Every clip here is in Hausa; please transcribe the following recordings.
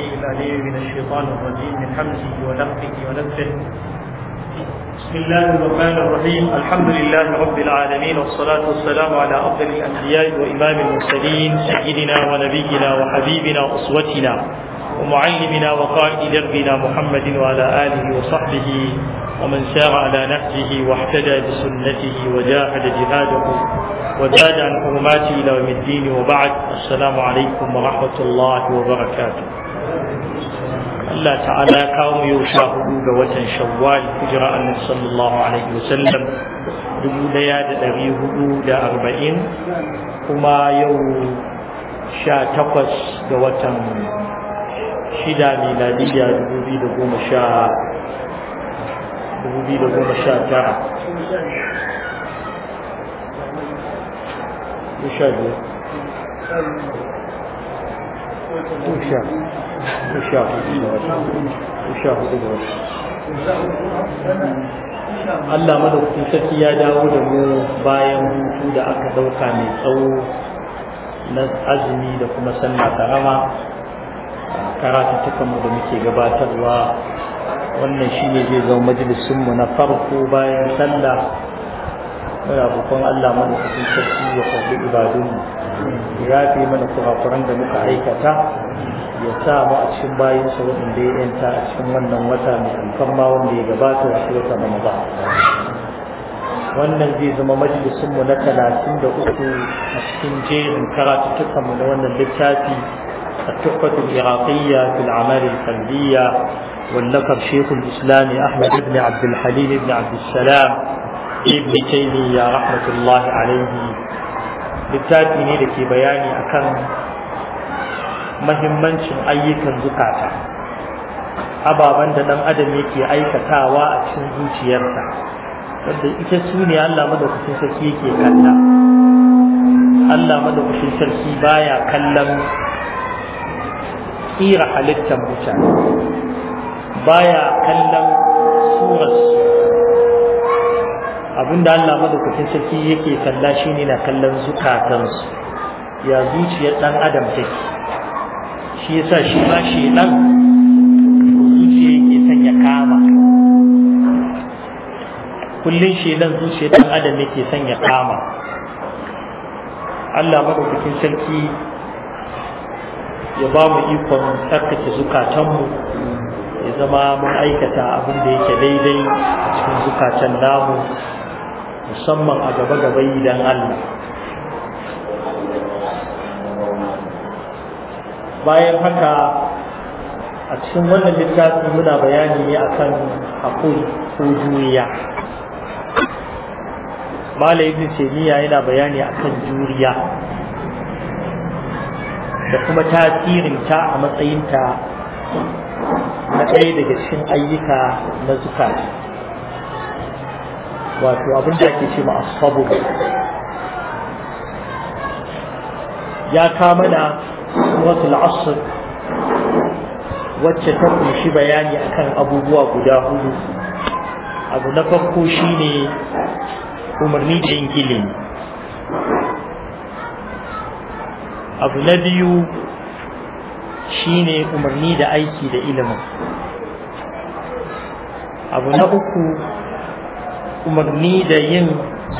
السميع العليم من الشيطان الرجيم من حمزه ونفخه ونفخه بسم الله الرحمن الرحيم الحمد لله رب العالمين والصلاة والسلام على أفضل الأنبياء وإمام المرسلين سيدنا ونبينا وحبيبنا وأسوتنا ومعلمنا وقائد دربنا محمد وعلى آله وصحبه ومن سار على نهجه واحتدى بسنته وجاهد جهاده وزاد عن حرماته إلى يوم الدين وبعد السلام عليكم ورحمة الله وبركاته Allah ta'ala ya kawo mu yau sha hudu ga watan shawwal hijira annabi sallallahu alaihi wa sallam, dubu daya da ɗari hudu da arba'in kuma yau sha takwas ga watan shida miladiyya dubu biyu da goma sha dubu biyu da goma sha tara sha biyu sha sha hudu da sarki ya dawo da mu bayan hutu da aka dauka mai tsawo na azumi da kuma sallah karama karatuttukan mu da muke gabatarwa wannan shine zai zama majalisunmu mu na farko bayan sallah muna roƙon Allah madaukakin sarki ya karbi ibadun ya fi mana kurakuran da muka aikata ya sa mu a cikin bayan sa waɗanda ya yanta a cikin wannan wata mai ma wanda ya gabata a cikin wata ba. wannan zai zama majalisun mu na talatin da uku a cikin jerin karatuttukan mu na wannan littafi التحفة العراقية في الأعمال القلبية واللقب wallakar الإسلام أحمد Ahmad Ibn الحليم Ibn Abdulsalam. السلام ابن تيمية رحمة littafi ne da ke bayani akan mahimmancin ayyukan zukata ababen da dan adam yake aikatawa a cikin zuciyarsa wanda ita su ne Allah madaukakin sarki yake kalla Allah madaukakin sarki baya kallon tsira halittar mutane baya kallon surarsu abinda Allah madaukakin sarki yake kalla shine na kallon zukatansu ya zuciyar dan adam take shi yasa shi ma shedan zuciya yake sanya kama shi shedan zuciya dan adam yake sanya kama Allah bikin sarki ya ba mu ikon tsarkake zukatanmu ya zama mun aikata abin da yake daidai a cikin zukatan namu musamman a gaba-gaba idan Allah bayan haka a cikin wannan littafi muna bayani ne akan haƙuri ko juriya mala ibn taymiya yana bayani akan juriya da kuma tasirin ta a matsayinta na ɗaya daga cikin ayyuka na zuka. wato abin da ake ce ma ya kama da. suratul asr wacce ta kunshi bayani akan abubuwa guda hudu abu na farko shine umarni da yin ilimi abu na biyu shine umarni da aiki da ilimin abu na uku umarni da yin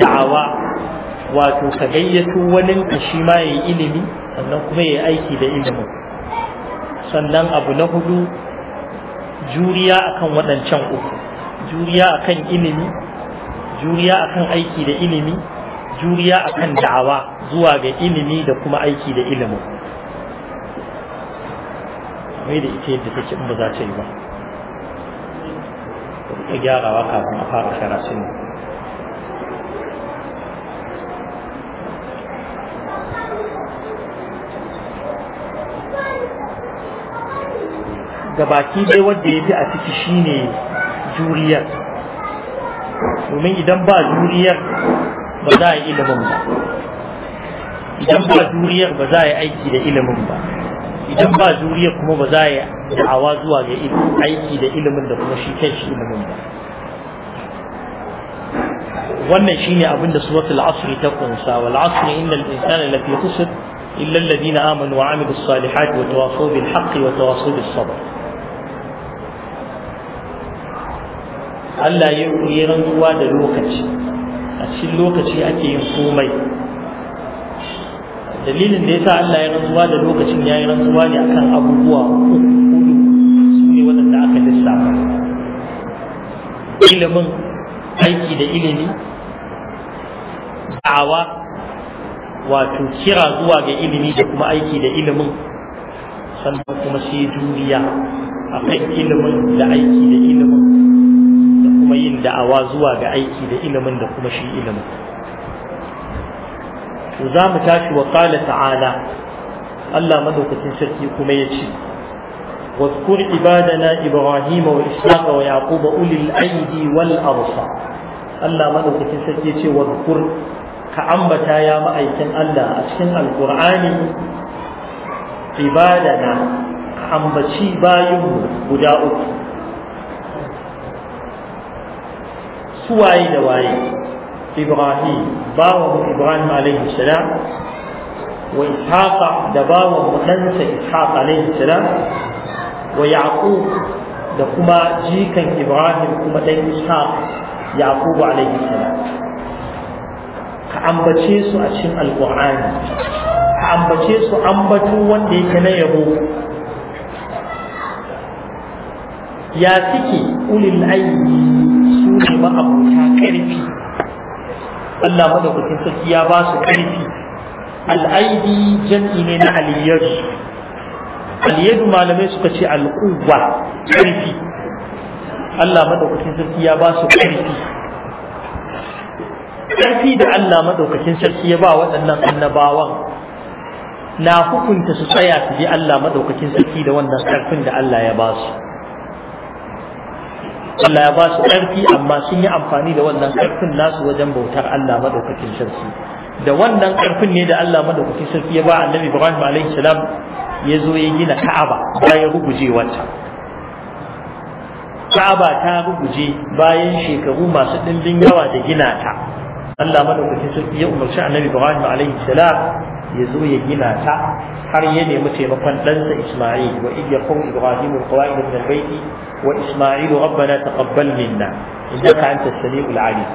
da'awa wato ka gayyato wani shi ma ya yi ilimi sannan kuma ya aiki da ilimin sannan abu na hudu juriya akan waɗancan uku juriya akan ilimi juriya akan aiki da ilimi juriya akan da'awa zuwa ga ilimi da kuma aiki da ilimin mai da ita yadda take in ba za ta yi ba ta gyarawa kafin a fara karatun gabaki dai wanda ya a ciki shine juriyar domin idan ba juriyar ba za a yi ilimin ba idan ba juriyar ba za a yi aiki da ilimin ba idan ba juriyar kuma ba za a yi da'awa zuwa ga aiki da ilimin da kuma shi kai shi ilimin ba wannan shine abin da suratul asr ta kunsa wal asr innal insana lafi khusr illa alladhina amanu wa amilus salihati wa tawasaw bil haqqi wa tawasaw bis sabr Allah ya yi rantsuwa da lokaci a cikin lokaci ake yin komai dalilin da ya sa Allah ya rantsuwa da lokacin ya yi rantsuwa ne akan abubuwa uku su ne waɗanda aka lissafa ilimin aiki da ilimi da'awa wato kira zuwa ga ilimi da kuma aiki da ilimin sannan kuma sai juriya akan ilimin da aiki da ilimin da'awa zuwa ga aiki da ilimin da kuma shi ilimin za mu tashi wa ƙala ta'ala Allah madaukakin sarki kuma ya ce waskur ibadana ibrahim wa ishaqa wa yaquba ulil aidi wal arsa Allah madaukakin sarki ya ce waskur ka ambata ya ma'aikin Allah a cikin Alkur'ani. Ibada na ambaci bayin guda uku Su waye da waye ibrahim bawan ibrahim alaihi salam wa ishaqa da bawan ɗansa ishaq alaihi salam wa yaqub da kuma jikan ibrahim kuma ɗan ishaq yaqub alaihi salam ka ambace su a cikin alqur'ani ka ambace su ambatu wanda yake na yabo ya suke ulil aini ne ma'abuta ƙarfi Allah madaukakin sarki ya ba su ƙarfi al'aidi jam'i ne na aliyadu aliyadu malamai suka ce al'uwa ƙarfi Allah madaukakin sarki ya ba su ƙarfi ƙarfi da Allah madaukakin sarki ya ba waɗannan annabawan na hukunta su tsaya su je Allah madaukakin sarki da wannan ƙarfin da Allah ya ba su Allah ya ba su ƙarfi amma sun yi amfani da wannan ƙarfin nasu wajen bautar Allah madaukakin sarki da wannan ƙarfin ne da Allah madaukakin sarki ya ba Annabi Ibrahim alaihi salam ya zo ya gina Ka'aba bayan wata. Ka'aba ta ruguje bayan shekaru masu ɗimbin yawa da gina ta Allah madaukakin sarki ya umarci Annabi Ibrahim alaihi salam ya zo ya gina ta har ya nemi taimakon ɗansa Isma'il wa idh yaqum Ibrahim al-qawaid min al-bayt wa Isma'il rabbana taqabbal minna ka antas samiul alim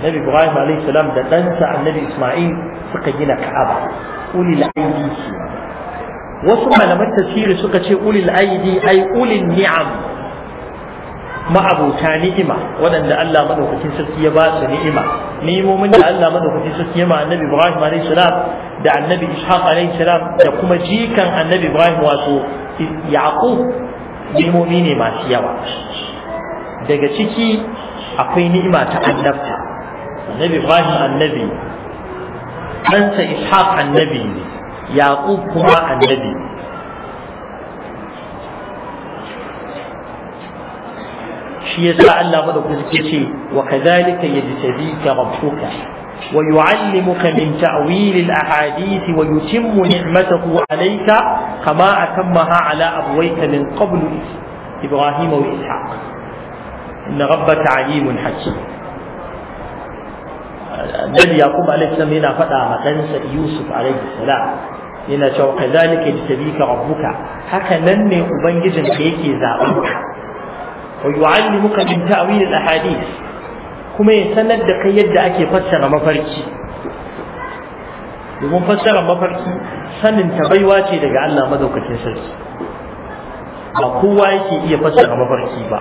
Annabi Ibrahim alayhi salam da ɗansa Annabi Isma'il suka gina Ka'aba ulil aidi wasu malaman tafsiri suka ce ulil aidi ai ulil ni'am ma'abuta ni'ima waɗanda Allah madaukakin sarki ya ba su ni'ima ni'imomin da Allah madaukakin sarki ya ma annabi Ibrahim alayhi salam da annabi Ishaq alayhi salam da kuma jikan annabi Ibrahim wato Yaqub ni'imomi ne masu yawa daga ciki akwai ni'ima ta annabta annabi Ibrahim annabi ɗansa Ishaq annabi ne Yaqub kuma annabi ne shi yasa Allah madaukaki ce wa ka ya kadhalika yajtabika rabbuka wa yu'allimuka min ta'wil al-ahadith wa yutimmu ni'matahu 'alayka kama maha 'ala abwayka min qablu Ibrahim wa Ishaq inna rabbaka 'alimun hakim Nabi Yaqub alaihi salam yana faɗa ma ɗansa Yusuf alaihi salam yana cewa kazalika yajtabika rabbuka haka nan ne ubangijin ka yake zaben Wai wa yu'allimuka min ta'wil a hadis? kuma ya sanar da kai yadda ake fassara mafarki domin fassara mafarki sanin ta baiwa ce daga Allah madaukakin sarki ba kowa yake iya fassara mafarki ba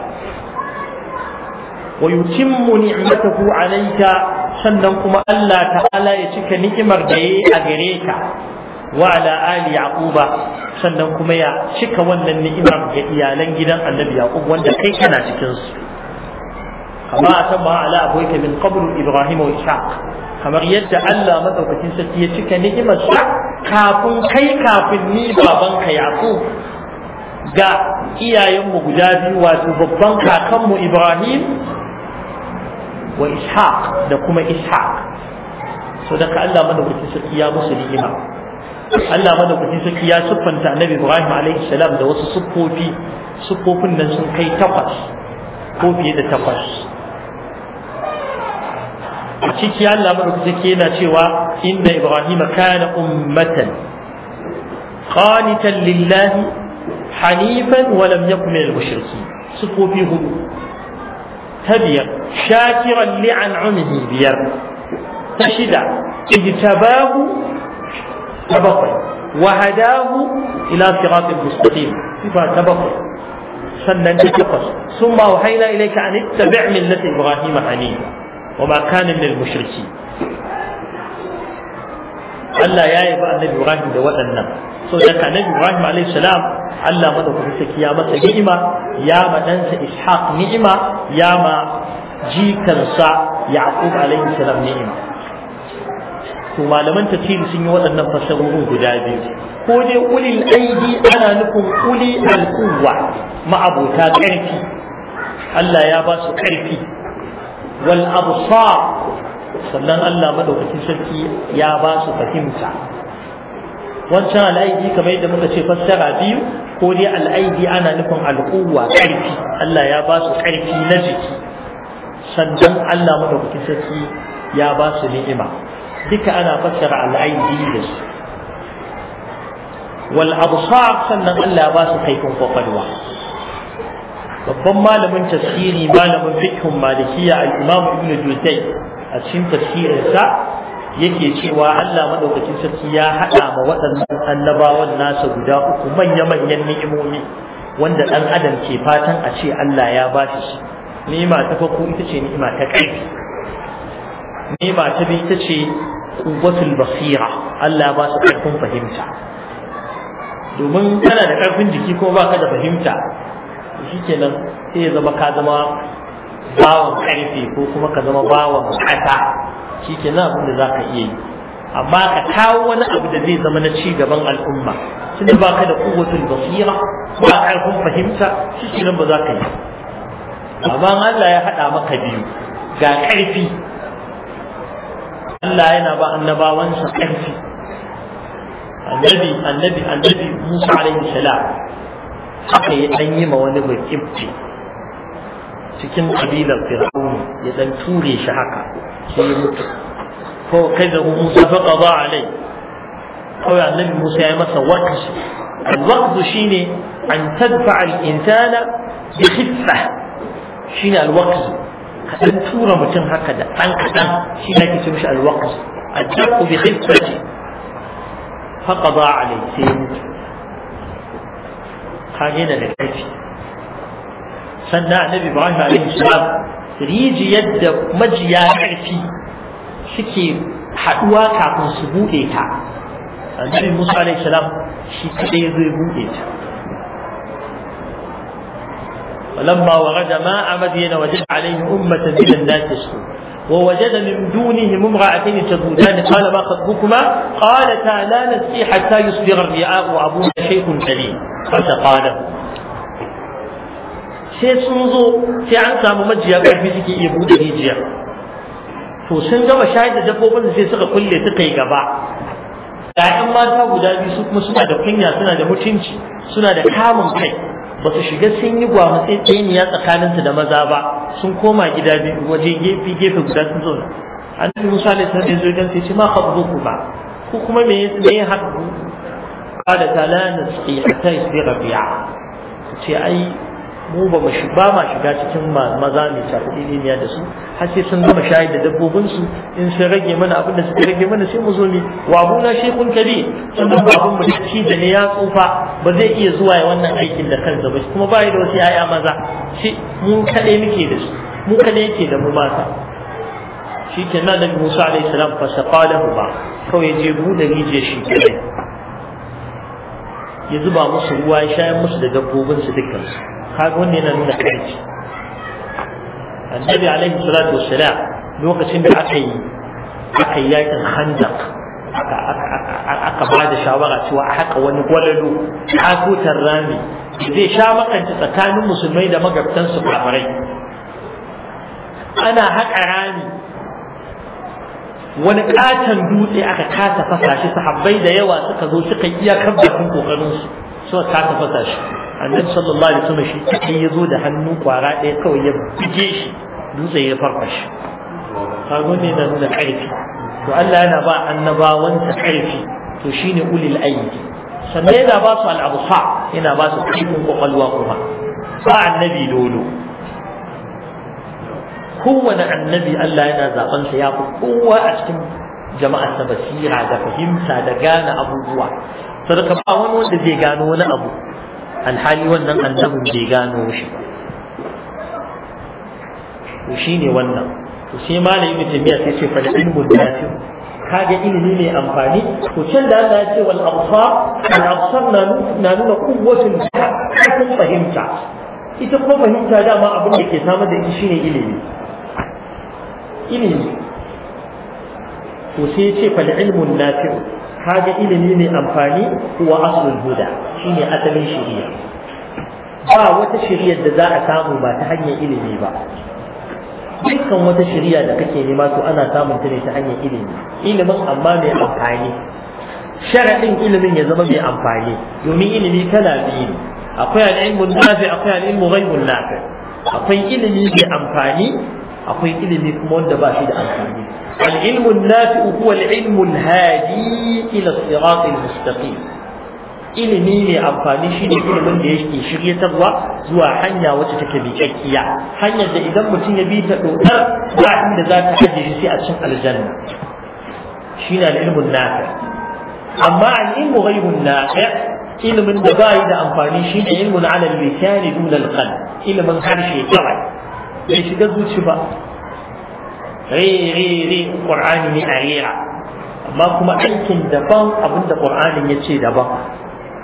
wa yutimmu ni'matahu alayka sannan kuma Allah ta'ala ya cika ni'imar da yayi a gare wa ala ali yaquba sannan kuma ya cika wannan ni'imar ga iyalan gidan annabi yaqub wanda kai kana cikin su kama atamma ala abuka min qabl ibrahim wa ishaq kamar yadda Allah madaukakin sarki ya cika ni'imar sa kafin kai kafin ni babanka yaqub ga iyayenmu guda biyu wato babban kakanmu ibrahim wa ishaq da kuma ishaq so daga Allah madaukakin sarki ya musu ni'ima Allah madaukakin sarki ya siffanta annabi Ibrahim alaihi salam da wasu siffofi siffofin nan sun kai takwas ko fiye da takwas a ciki Allah madaukakin sarki yana cewa inna Ibrahim kana ummatan qanitan lillahi hanifan wa lam yakun minal mushrikeen siffofi hudu ta biyar shakiran li'an'umihi biyar ta shida ijtabahu تبقي وهداه إلى صراط مستقيم صفة تبقي sannan ta takwas sun ma wahaina ilaika an ittabi' millata ibrahim hanifa wa ma kana min Allah ya yi ba annabi Ibrahim da waɗannan so da ka annabi Ibrahim alayhi salam Allah madaukakin sarki ya masa ni'ima ya ma ɗansa Ishaq ni'ima ya ma jikansa Yaqub alayhi salam ni'ima to malaman tafsiri sun yi waɗannan fasarorin guda biyu ko dai ulil aidi ana nufin uli alquwa ma'abota karfi Allah ya ba su ƙarfi wal absar sannan Allah madaukakin sarki ya ba su fahimta wancan al'aidi kamar yadda muka ce fassara biyu ko dai al'aidi ana nufin al'uwa karfi Allah ya ba su ƙarfi na jiki sannan Allah madaukakin sarki ya ba su ni'ima duka ana fassara al'ain da su wal sannan Allah ba su kaifin kwakwalwa babban malamin tafsiri malamin fikhun malikiya al-imam ibn juzay a cikin tafsirinsa yake cewa Allah madaukakin sarki ya hada ma waɗannan annabawan nasa guda uku manya-manyan ni'imomi wanda ɗan adam ke fatan a ce Allah ya ba shi ni'ima ta farko ita ce ni'ima ta ƙarfi ba ta biyu ita ce quwwatul basira Allah ba su karfin fahimta domin kana da karfin jiki kuma baka da fahimta shikenan sai ya zama ka zama bawan karfe ko kuma ka zama bawan kasa shikenan abin da zaka iya yi amma ka kawo wani abu da zai zama na ci gaban al'umma tunda baka da quwwatul basira ba karfin fahimta shikenan ba za ka yi amma Allah ya haɗa maka biyu ga karfi Allah yana ba annabawansa ƙarfi annabi annabi annabi Musa alaihi salam haka ya dan yi ma wani bakibci cikin kabilar Fir'aun ya dan ture shi haka sai ya mutu ko kaza Musa fa qada alai kawai annabi Musa ya masa waqti al-waqt shine an tadfa al-insana bi khiffa shine al-waqt kaɗan tura mutum haka da ɗan kaɗan shi na ake ce mishi alwaqas addaku bi khilqati faqada alai sai ya mutu gina da ƙarfi sannan annabi ibrahim alaihi salam rijiyar da majiya ƙarfi suke haɗuwa kafin su buɗe ta annabi musa alaihi salam shi kaɗai zai buɗe ta فلما ورد ماء مدين وجد عليه أمة من الناس تشكو ووجد من دونهم امرأتين تذودان قال ما خطبكما قالتا لا نسقي حتى يصبر الرعاء وأبونا شيخ كريم فسقاله sai sun zo sai an samu majiya ƙarfi suke iya buɗe rijiya to sun gama shayar da dabbobin sai suka kulle suka yi gaba Ya'yan mata guda biyu su kuma suna da kunya suna da mutunci suna da kamun kai ba su shiga sun yi gwamutsatseniya tsakaninsu da maza ba sun koma gida biyu waje gefe gefe guda sun an annabi musa ne sun yazo dan sai ce ma ku ba ko kuma me me haɗu qala ta la nasqi ta yi rabi'a ce ai mu ba mu ba ma shiga cikin maza mai shafi ilimiya da su har sai sun gama shayar da dabbobin su in sun rage mana abin da suka rage mana sai mu zo ne wa buna shekun kabi sannan babun mu shi da ne ya tsufa ba zai iya zuwa ya wannan aikin da kan ba kuma ba da wasu yaya maza shi mu kadai muke da su mu kadai yake da mu mata shi ke nan da Musa alayhi salam fa hu ba kawai je bude rijiyar shi kadai ya zuba musu ruwa ya shayar musu da dabbobin su dukkan su kaga wannan yana nuna kai annabi alaihi salatu wassalam lokacin da aka yi aka yi yakin aka ba da shawara cewa a haka wani gwalado a katutar rami zai sha makanta tsakanin musulmai da magabtansu kafirai ana haka rami wani katon dutse aka kasa fasa shi sahabbai da yawa suka zo suka yi iyakar bakin kokarin su suka kasa fasa shi annabi sallallahu alaihi wasallam shi kai ya zo da hannu kwara ɗaya kawai ya buge shi dutse ya farfashe kago ne da nuna karfi to Allah yana ba annabawansa karfi to shine ulil aidi sannan yana ba su al'abusa yana ba su cikin kwakwalwa kuma ba annabi dolo kowane annabi Allah yana zaben sa ya fi kowa a cikin jama'a ta basira da fahimta da gane abubuwa sadaka ba wani wanda zai gano wani abu alhali wannan annabin bai gano shi ba to ne wannan to sai malamin jami'a sai ce fa da ilmun nafi kaga ilimi mai amfani to can da Allah ya ce wal absar al absar na nuna kuwwatul fahimta ita kuma fahimta dama abin da ke samar da ita shine ilimi ilimi to sai ce fal ilmun nafi'u kaga ilimi ne amfani wa aslul huda shine asalin shari'a ba wata shari'ar da za a samu ba ta hanyar ilimi ba dukkan wata shari'a da kake nema to ana samun ta ne ta hanyar ilimi ilimin amma mai amfani sharaɗin ilimin ya zama mai amfani domin ilimi kala biyu akwai al'ilmun nafi akwai al'ilmu ghaibun nafi akwai ilimi mai amfani akwai ilimi kuma wanda ba shi da amfani al-ilmu an-nafi huwa al-ilmu al-hadi ila sirat al-mustaqim ilimi ne amfani shi ne ilimin da yake shiryatarwa zuwa hanya wacce take miƙaƙƙiya hanyar da idan mutum ya bi ta dokar ba inda za ta haje shi sai a cikin aljanna shi ne al'ilmun nafi amma al-ilmu al'ilmu ghaibun nafi ilimin da bai da amfani shi ne ilmun al-lisan dun al qalb ilimin harshe kawai bai shiga zuci ba rere ƙur'ani ne a rera amma kuma aikin daban abinda ƙur'anin ya ce daban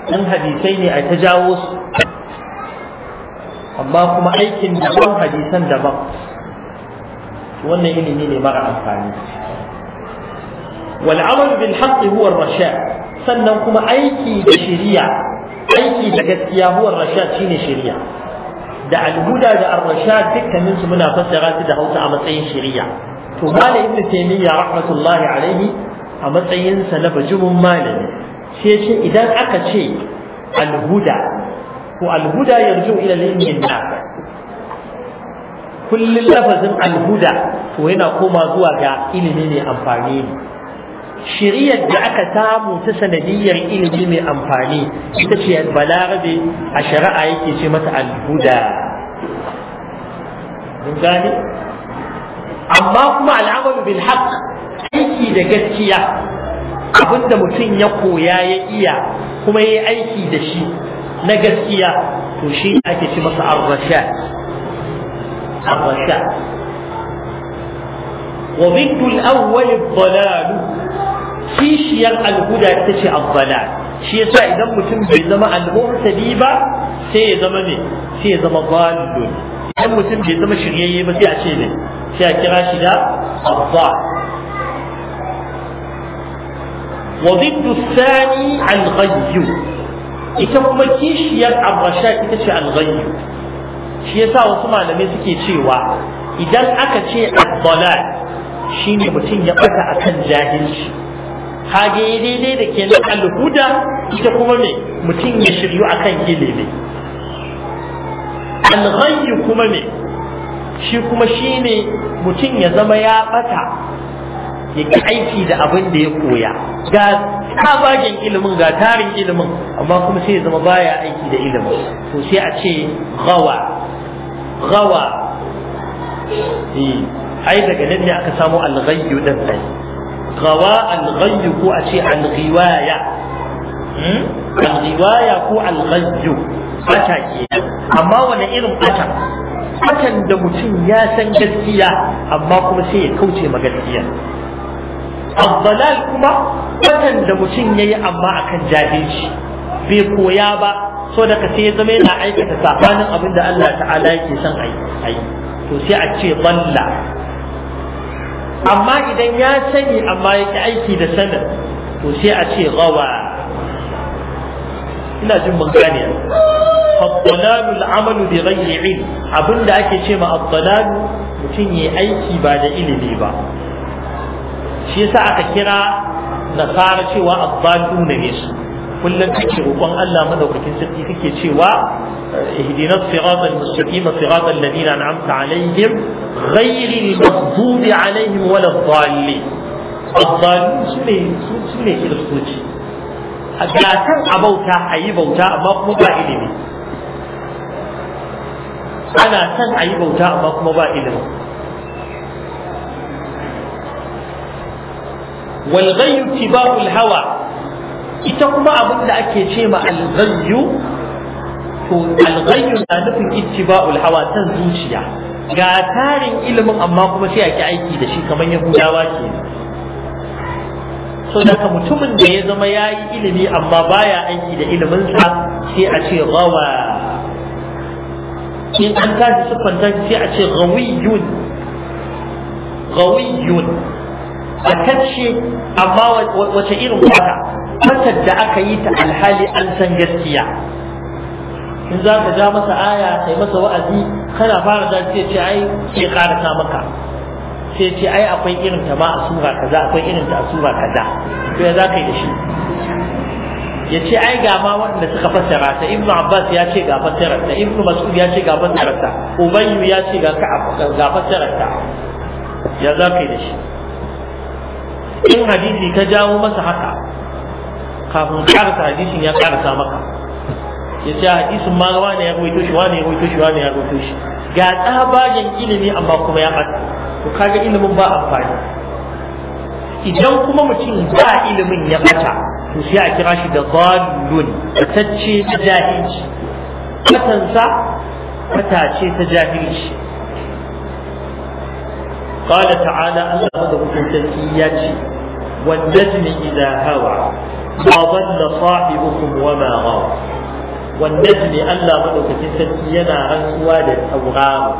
ɗan hadisai ne a ta jawo su amma kuma aikin daban hadisan daban wannan ilimi ne mara amfani wal'amal bil haqqi huwa ar sannan kuma aiki da shari'a aiki da gaskiya huwa rasha shine shari'a da alhuda da ar-rashad dukkanin su muna fassara su da Hausa a matsayin shari'a to malam ibnu taymiya rahmatullahi alaihi a matsayin sa na bajimin malami sai ce idan aka ce alhuda ko alhuda yarju ila ilmin nas kullun lafazin alhuda to yana koma zuwa ga ilimi ne amfani shiriyar da aka samu ta sanadiyyar ilimi mai amfani ita ce balarabe a shari'a yake ce mata alhuda mun amma kuma al'amalu bil haqq aiki da gaskiya abinda mutum ya koya ya iya kuma ya aiki da shi na gaskiya to shi ake ci masa arrasha arrasha wa bidul awwal ad kishiyar al-huda ita ce ad shi yasa idan mutum bai zama al-muhtadi ba sai ya zama ne sai ya zama balidun idan mutum bai zama shiryayye ba sai a ce ne sai a kira shi da abba wa ziddu sani al-ghayyu ita kuma kishiyar abasha ita ce al-ghayyu shi yasa wasu malamai suke cewa idan aka ce shi ne mutum ya bata akan jahilci hage daidai da kenan al-huda ita kuma me mutum ya shiryu akan ilimi alghayyu kuma me shi kuma mutum ya zama ya ɓata, ya ki aiki da abin da ya koya ga tsabagen ilimin ga tarin ilimin amma kuma sai ya zama baya aiki da ilimin to sai a ce gawa gawa eh, ai daga nan ne aka samu alghayyu din sai gawa alghayyu ko a ce alghiwaya hmm? alghiwaya ko alghayyu bata kenan amma wani irin watan, atan da mutum ya san gaskiya amma kuma sai ya kauce ma gaskiya abdalal kuma watan da mutum ya yi amma akan jahilci bai koya ba so daga sai ya zama yana aikata sabanin abin da Allah ta'ala yake son a yi to sai a ce balla amma idan ya sani amma yake aiki da sanin to sai a ce gawa ina jin mun gane الضلال العمل بغير علم أبن دا أكي شما الضلال متن يأيكي بعد إلمي با شيسا أكيرا نصارى شوى الضالون نيسو kullum kake roƙon Allah madaukakin sarki kake cewa ihdinas siratal mustaqim siratal ladina an'amta alaihim ghayril maghdubi alaihim waladdallin addallin sune sune kiristoci a gatan abauta ayi bauta amma kuma ba ilimi ana son a yi bauta amma kuma ba ilimi walghayu tiba'ul hawa ita kuma abin da ake ce ma alghayu to alghayu na nufin ittiba'ul hawa san zuciya ga tarin ilimin amma kuma sai ake aiki da shi kamar yahudawa ke so daga mutumin da ya zama ya yi ilimi amma baya aiki da iliminsa sai a ce gawa in an tashi siffanta sai a ce gawiyun gawiyun batacce amma wace irin waka fatar da aka yi ta alhali an san gaskiya in za ka ja masa aya kai masa wa'azi kana fara da sai ce ai ke karata maka sai ce ai akwai irin ta ma a sura kaza akwai irin ta a sura kaza to ya za ka yi da shi ya ce ai ga ma waɗanda suka fassara ta ibnu abbas ya ce ga fassarar ta ibnu mas'ud ya ce ga fassarar ta ubayyu ya ce ga ga fassarar ta ya za ka yi da shi in hadisi ka jawo masa haka kafin karasa hadisin ya karasa maka ya ce hadisin ma wani ya ruwaito shi wani ya ruwaito shi wani ya ruwaito shi ga tsabagen ilimi amma kuma ya ɓata to kaga ilimin ba amfani idan kuma mutum ba ilimin ya ɓata to sai a kira shi da zallun tacce ta jahilci matansa matace ta jahilci qala ta'ala Allah da hukun sarki ya ce wannan idan hawa ma dalla sahibukum wa ma ghawa wannan Allah madaukakin sarki yana rantsuwa da tauraro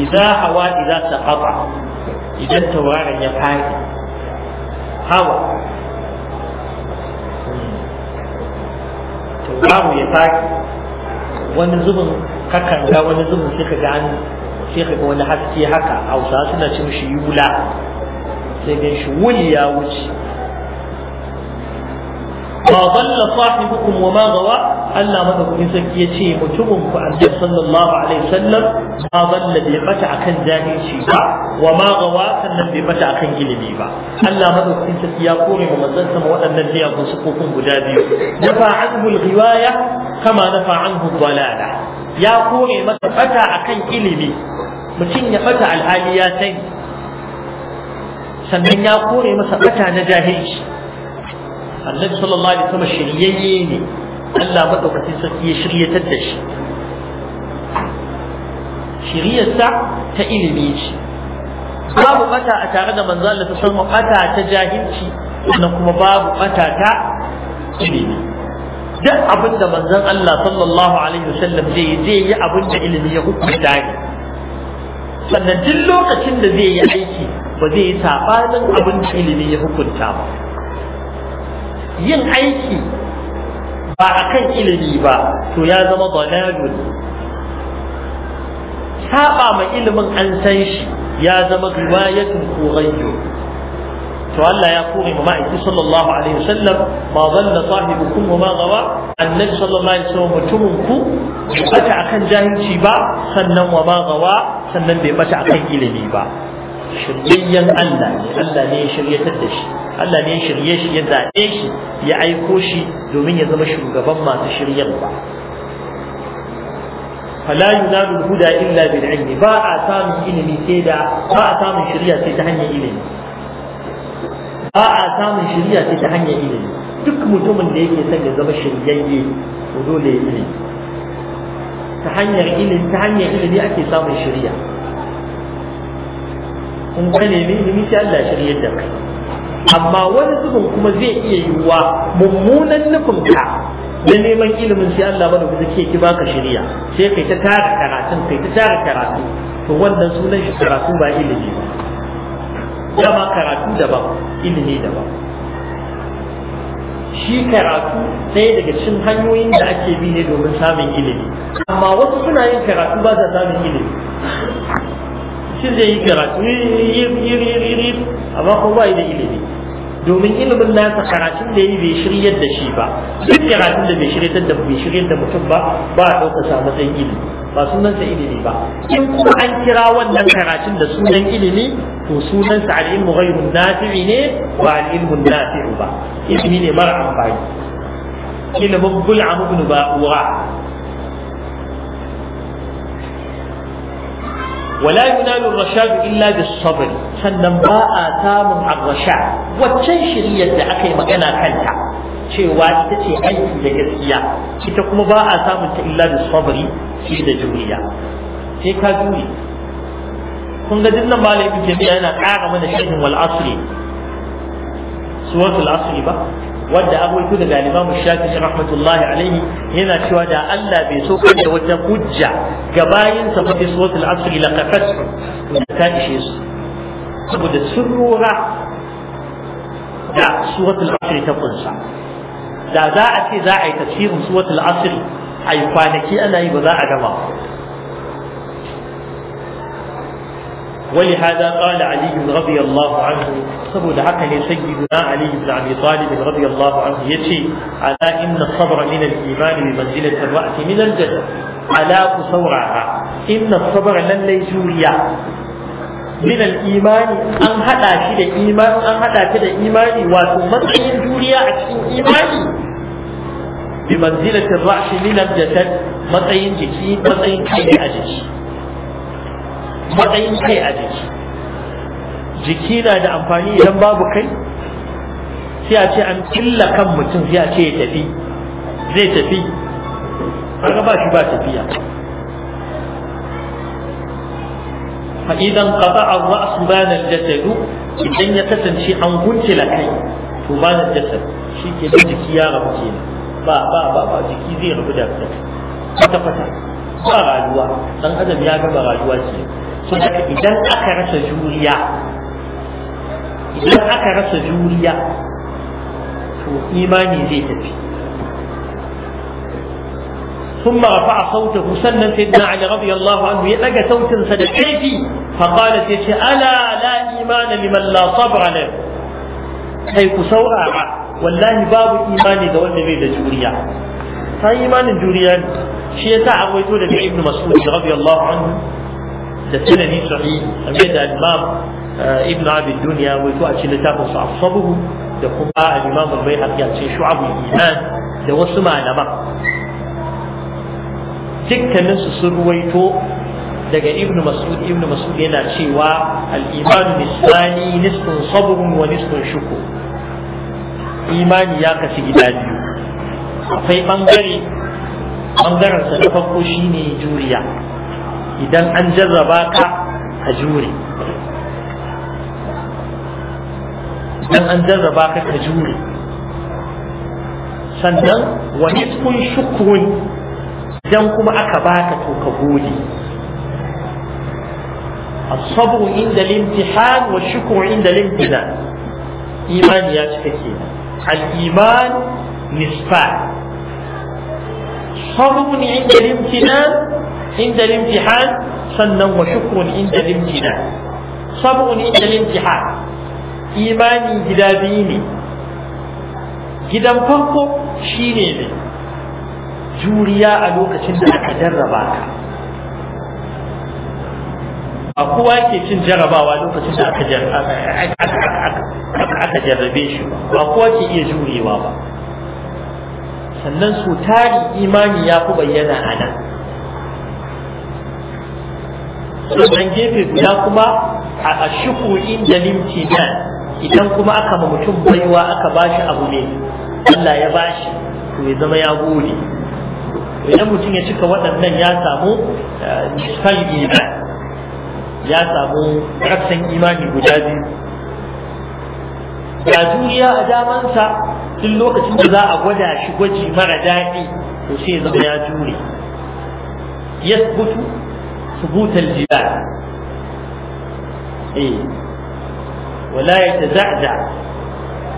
idan hawa idan ta qata idan tauraron ya fara hawa samu ya taki wani zubin kakan ga wani zubin sai ka ga an sai ka ga wani haske haka hausa suna cin shi yula sai gan shi wuli ya wuce ma dalla sahibukum wa ma gawa Allah madaukakin sarki ya ce mutumin ku annabi sallallahu alaihi wasallam ma dalla bai bata akan jahilci ba wa ma gawa sannan bai bata akan ilimi ba Allah madaukakin sarki ya kore mu manzon sama waɗannan liyagun sukukun guda biyu dafa anhu al-riwaya kama dafa ya kore bata ilimi mutum ya fata alhali ya sani sannan ya kore masa bata na jahilci annabi sallallahu alaihi wasallam shiryayye ne Allah madaukakin sarki ya shiryatar da shi shiryarsa ta ilimi ce babu bata a tare da manzo Allah ta samu bata ta jahilci na kuma babu bata ta ilimi duk abin da manzon Allah sallallahu alaihi wasallam zai yi zai yi abin da ilimi ya hukunta ne sannan duk lokacin da zai yi aiki ba zai yi sabanin abin da ilimi ya hukunta ba yin aiki ba akan ilimi ba to ya zama dalalun saba ma ilimin an san shi ya zama riwayatun ko to Allah ya kore ma ma'aiki sallallahu alaihi wasallam ma sahibukum wa ma gawa annabi sallallahu alaihi wasallam mutumin ku bata akan jahilci ba sannan wa ma gawa sannan bai bata akan ilimi ba shiryayyen Allah ne Allah ne ya shiryata da shi Allah ne ya shirye shi ya zaɓe shi ya aiko shi domin ya zama shugaban masu shiryarwa فلا ينال الهدى الا بالعلم باع سامي علمي سيدا باع سامي شريعه سيدا هني علمي باع سامي شريعه سيدا هني علمي تكمل تمن ليك سيدا زم الشريعي وذول علمي تهني علمي تهني علمي اكي سامي شريعه in ka nemi ni, sai Allah shirye da kai amma wani zubin kuma zai iya yiwuwa mummunan nufin ka na neman ilimin sai Allah bada ku ke ki baka shirya sai kai ta tara karatun kai ta tara karatu to wannan sunan shi karatu ba ilimi ba dama karatu daban ilimi daban shi karatu ɗaya daga cikin hanyoyin da ake bi ne domin samun ilimi amma wasu suna yin karatu ba za samun ilimi mutum zai yi karatu yir amma kuma ba da ilimi domin ilimin nasa karatun da yi bai shiryar da shi ba duk karatun da bai shiryar da bai shiryar da mutum ba ba a ɗauka sa matsayin ilimi ba sunansa ilimi ba in kuma an kira wannan karatun da sunan ilimi to sunansa al'ilmu ghairun nafi'i ne ba al'ilmun nafi'u ba ilimi ne mara amfani ilimin bul'am ibn ba'ura wala yunalu rashadu illa bis sabr sannan ba a samun arrasha waccan shiriyar da aka yi magana kanta cewa ita ce aiki da gaskiya ita kuma ba a samun ta illa da sabri shi da juriya sai ka jure kun ga dinnan malamin jami'a yana ƙara mana shirin wal asri suratul asri ba wanda abu da galiba mu shafi rahmatullahi alaihi yana cewa da Allah bai so kan da wata hujja ga bayin sa fa suratul asr ila qafatu ta ishe su saboda surura da suratul asr ta kunsa da za a ce za a yi tafsirin suratul asr a yi kwanaki ana yi ba za a gama ولهذا قال علي رضي الله عنه سبب حقا سيدنا علي بن ابي طالب رضي الله عنه يتي على ان الصبر من الايمان بمنزله الراس من الجسد على كسورها ان الصبر لن ليسوريا من الإيمان أن هذا كده إيمان أن هذا كده إيمان وتمثل الدنيا عشان إيماني بمنزلة الرأس من الجسد مثلا جسيم مثلا كده أجسام matsayin kai a jiki jiki na da amfani idan babu kai sai a ce an killa kan mutum sai a ce ya tafi zai tafi kaga ba shi ba tafiya fa idan qata ar-ra's bana al-jasad idan ya kasance an guntula kai to bana al-jasad shi ke da jiki ya rabu kenan ba ba ba ba jiki zai rabu da kai ta kwata ba rayuwa dan adam ya gaba rayuwa kenan idan aka rasa juriya aka rasa juriya to imani zai tafi sun marafa a sautar sannan sai dina ali rabi ya daga sautinsa da ƙarfi faƙalar ya ce ala la imana liman la sabra kai ku saurara wallahi babu imani ga wanda da juriya sai imanin juriya ne shi yasa a waito da ibnu mas'ud rabi Allah da sanadi sahihi kamar da al eh, ibn abi dunya wato a cikin littafin sa asabuhu da kuma al-imam al a cikin shu'abul iman da wasu malaman dukkanin sun ruwaito daga ibn mas'ud yana cewa al-iman nisani nisfun wa nisfun imani ya kasu gida biyu akwai bangare bangaren na juriya idan an jarraba ka ka jure idan an jarraba ka ka jure sannan wani kun shukrun idan kuma aka baka to ka gode الصبر عند الامتحان والشكر عند الامتنان إيمان يا شكاكين الإيمان نصفان صبر عند الامتنان inda limtihan sannan wa shukrun inda limtina sabrun inda limtihan imani gida biyu ne gidan farko shine ne juriya a lokacin da aka jarraba ka kowa cin jarrabawa lokacin da aka jarrabe shi ba kowa ke iya jurewa ba sannan su tari imani ya fi bayyana a nan dan gefe guda kuma a shuku inda limtinan idan kuma aka ma mutum baiwa aka bashi abu ne Allah ya bashi to ya zama ya gode idan mutum ya cika waɗannan ya samu eh, nisfal iman ya samu raksan imani guda biyu ga duniya a damansa tun lokacin da za a gwada shi gwaji mara daɗi to sai ya zama ya jure yasbutu ثبوت الجبال إيه ولا يتزعزع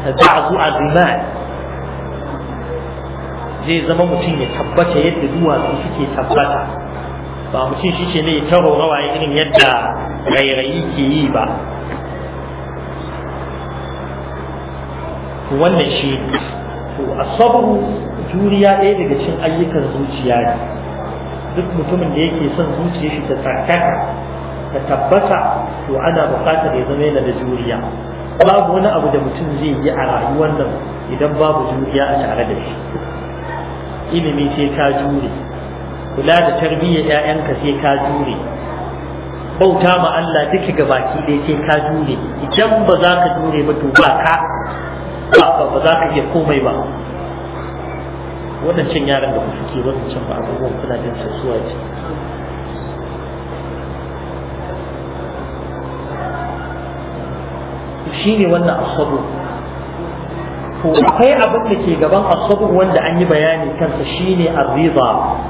تزعزع الرمال zai zama mutum ya tabbata yadda duwatsu suke tabbata ba mutum shi ke ne ta rawa irin yadda rairayi ke yi ba wannan shi to asabu juriya ɗaya daga cikin ayyukan zuciya ne duk mutumin da yake son zuciya shi ta tsakaka ta tabbata to ana buƙatar ya zama yana da juriya babu wani abu da mutum zai yi a rayuwar nan idan babu juriya a tare da shi ilimi sai ka jure kula da tarbiyya ƴaƴanka sai ka jure bauta ma Allah duka gabaki dai sai ka jure idan ba za ka jure ba to ba ka ba za ka iya komai ba wadancan yaran da kuka ke waɗancan ba abubuwan kuna jin sassuwa ce shi ne wannan asabu ko akwai abin da ke gaban asabu wanda an yi bayani kansa shi shine arriba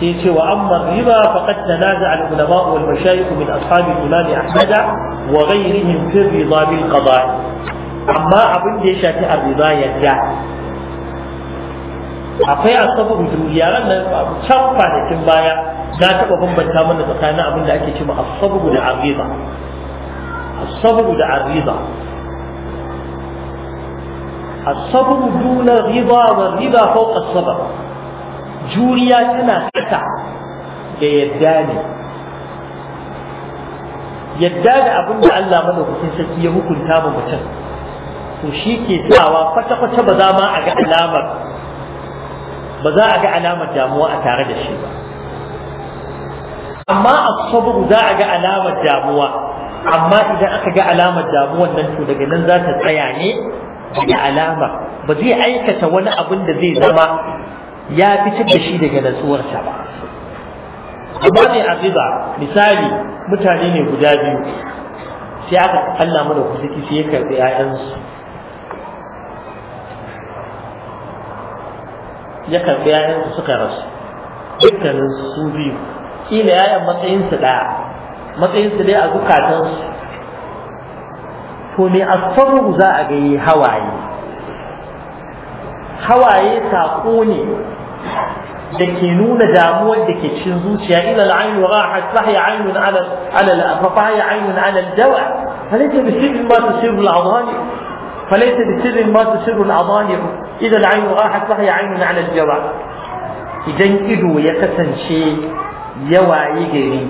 sai ce wa amma riba faqad tanaza al ulama wal mashayikh min ashabi imam ahmad wa ghayrihim fi riba bil qada amma abin da ya shafi arriba yadda akwai asabun yaran nan can kwanakin baya na taɓa bambanta mana tsakanin abin da ake cewa Asabar da ariza Asabar da ariza Asabar duna riba wa riba fawqa sabr juriya tana kasa da yadda ne yadda da abin da Allah mana madaukakin sarki ya hukunta ma mutum to shi ke sawa kwata-kwata ba za ma a ga alamar ba za a ga alamar damuwa a tare da shi ba amma as bugu za a ga alamar damuwa amma idan aka ga alamar damuwar nan to daga nan za ta tsaya ne da alama ba zai aikata wani abin da zai zama ya fitar da shi daga natsuwarsa ba amma mai aziba misali mutane ne guda biyu sai aka Allah mana kusiki sai ya karɓi 'ya'yansu ya karɓi ‘ya'yansa suka rasu dukkanin su biyu kila ‘ya'yan matsayinsu ɗaya matsayinsu dai a zukatansu to me asfaru za a ga hawaye hawaye saƙo ne da ke nuna damuwar da ke cin zuciya ila al'ainu rahat fahya ainun ala ala fahya ainun ala dawa falaysa bi sirrin ma tusirru al'adani falaysa bi sirrin ma tusirru al'adani إذا العين راحت فهي عين على الجواب إذا إدو يكسن شيء يا يجري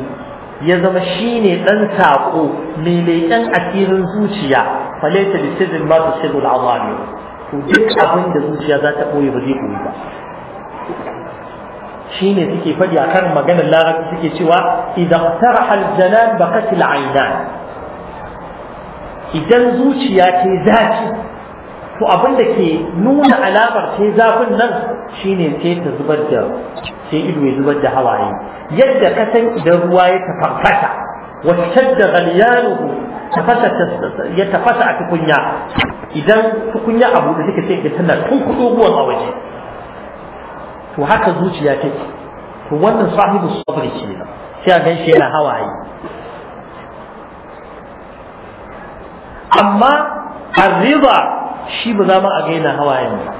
يزم يا زمشيني ساقو ميلي أن أكيد زوشيا فليس بسجن ما تسيب العظام وديك أبن زوشيا ذات أبوي بديك ويبا شيني تكي فديا كان مجان اللغة تكي سوا إذا اقترح الجنان بقت العينان إذا زوشيا كي ذاتي to abin da ke nuna alamar sai zafin nan shine sai ta zubar da sai ido ya zubar da hawaye yadda ka san idan ruwa ya tafasa, waccan da galiyanuhu ya tafasa a tukunya idan tukunya abu da take sai tana tun kudo ruwan a waje to haka zuciya take to wannan sahibu sabri kenan sai a ganshi yana hawaye amma arriba shi ba za mu a gaina hawayen ba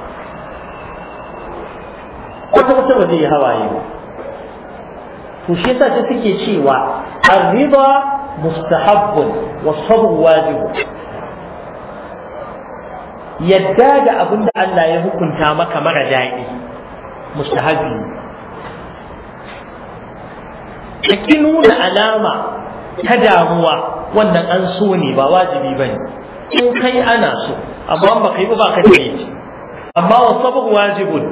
Wata wata ba zai yi hawaye ba to shi yasa suke cewa arriba mustahabbun wa sabu wajibun yadda da abin da Allah ya hukunta maka mara daɗi mustahabi ki nuna alama ta damuwa wannan an so ne ba wajibi bane in kai ana so amma ba kai ba ka tare amma wasu sabr wajibun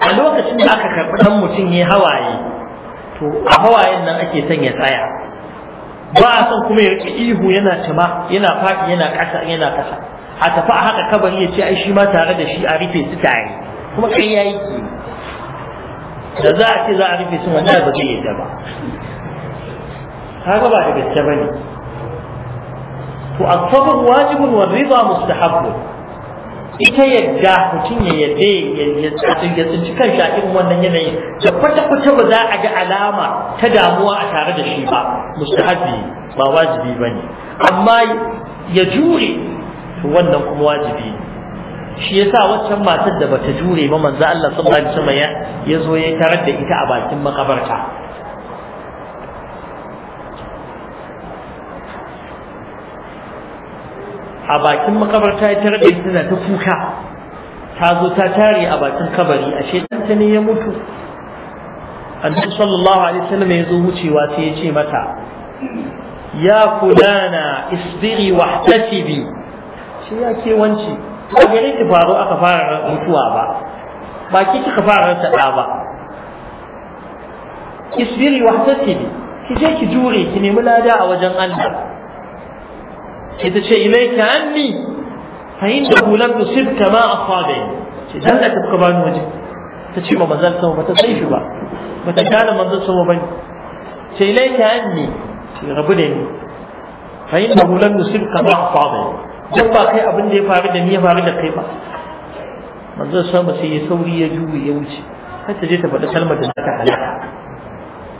a lokacin da aka karɓi dan mutum yayi hawaye to a hawayen nan ake son ya tsaya ba a son kuma ya rike ihu yana cima yana faɗi yana ƙasa yana ƙasa a tafi a haka kabari ya ce ai shi ma tare da shi a rufe su tare kuma kai yayi da za a ce za a rufe su wannan ba zai yi ba kaga ba da gaske bane to asabar wajibin wa riba mustahabbu ita yadda mutum ya yadda ya tsinci kan wannan yanayin da kwata-kwata ba za a ga alama ta damuwa a tare da shi ba mustahabbi ba wajibi ba ne amma ya jure to wannan kuma wajibi shi shi yasa waccan matar da bata jure ba manzo Allah sun alaihi ya zo ya tarar da ita a bakin makabarta a bakin makabarta ya tarar da tana ta kuka ta zo ta tare a bakin kabari ashe ta ne ya mutu annabi sallallahu alaihi wasallam ya zo wucewa sai ya ce mata ya fulana isbiri wahtasibi shi ya ke wanci ba gari ki faru aka fara mutuwa ba ba ki kika fara ta da ba isbiri wahtasibi ki je ki jure ki nemi lada a wajen Allah ita ce ilaika anni fa innahu lam yusibka ma asabani ce dan ka tafka bani waje ta ce ma manzon sama bata sai shi ba bata gane manzon sama bane ce ilaika anni ce rabu da ni fa innahu lam yusibka ma asabani dan ba kai abin da ya faru da ni ya faru da kai ba manzon sama sai ya sauri ya juye ya wuce har ta je ta faɗi kalmar da ta halaka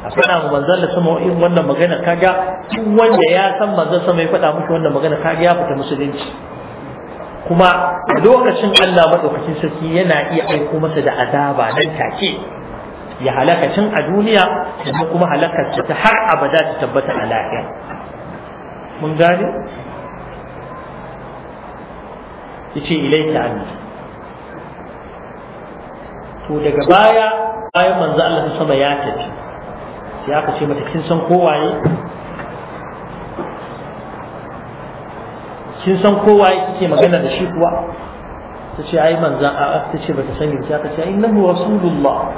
a faɗa mu manzon da sama irin wannan magana kaga duk wanda ya san manzon sama ya faɗa mushi wannan magana kaga ya fita musulunci kuma a lokacin Allah madaukakin sarki yana iya aiko masa da azaba nan take ya halaka cin a duniya kuma kuma halakar ta har abada ta tabbata a lahiya mun gane yace ilaika anni to daga baya bayan manzo Allah sama ya tafi sai aka ce mata kin san kowaye kin san kowaye kike magana da shi kuwa ta ce ai manzan a ta ce bata sani ta ta ce ai innahu rasulullah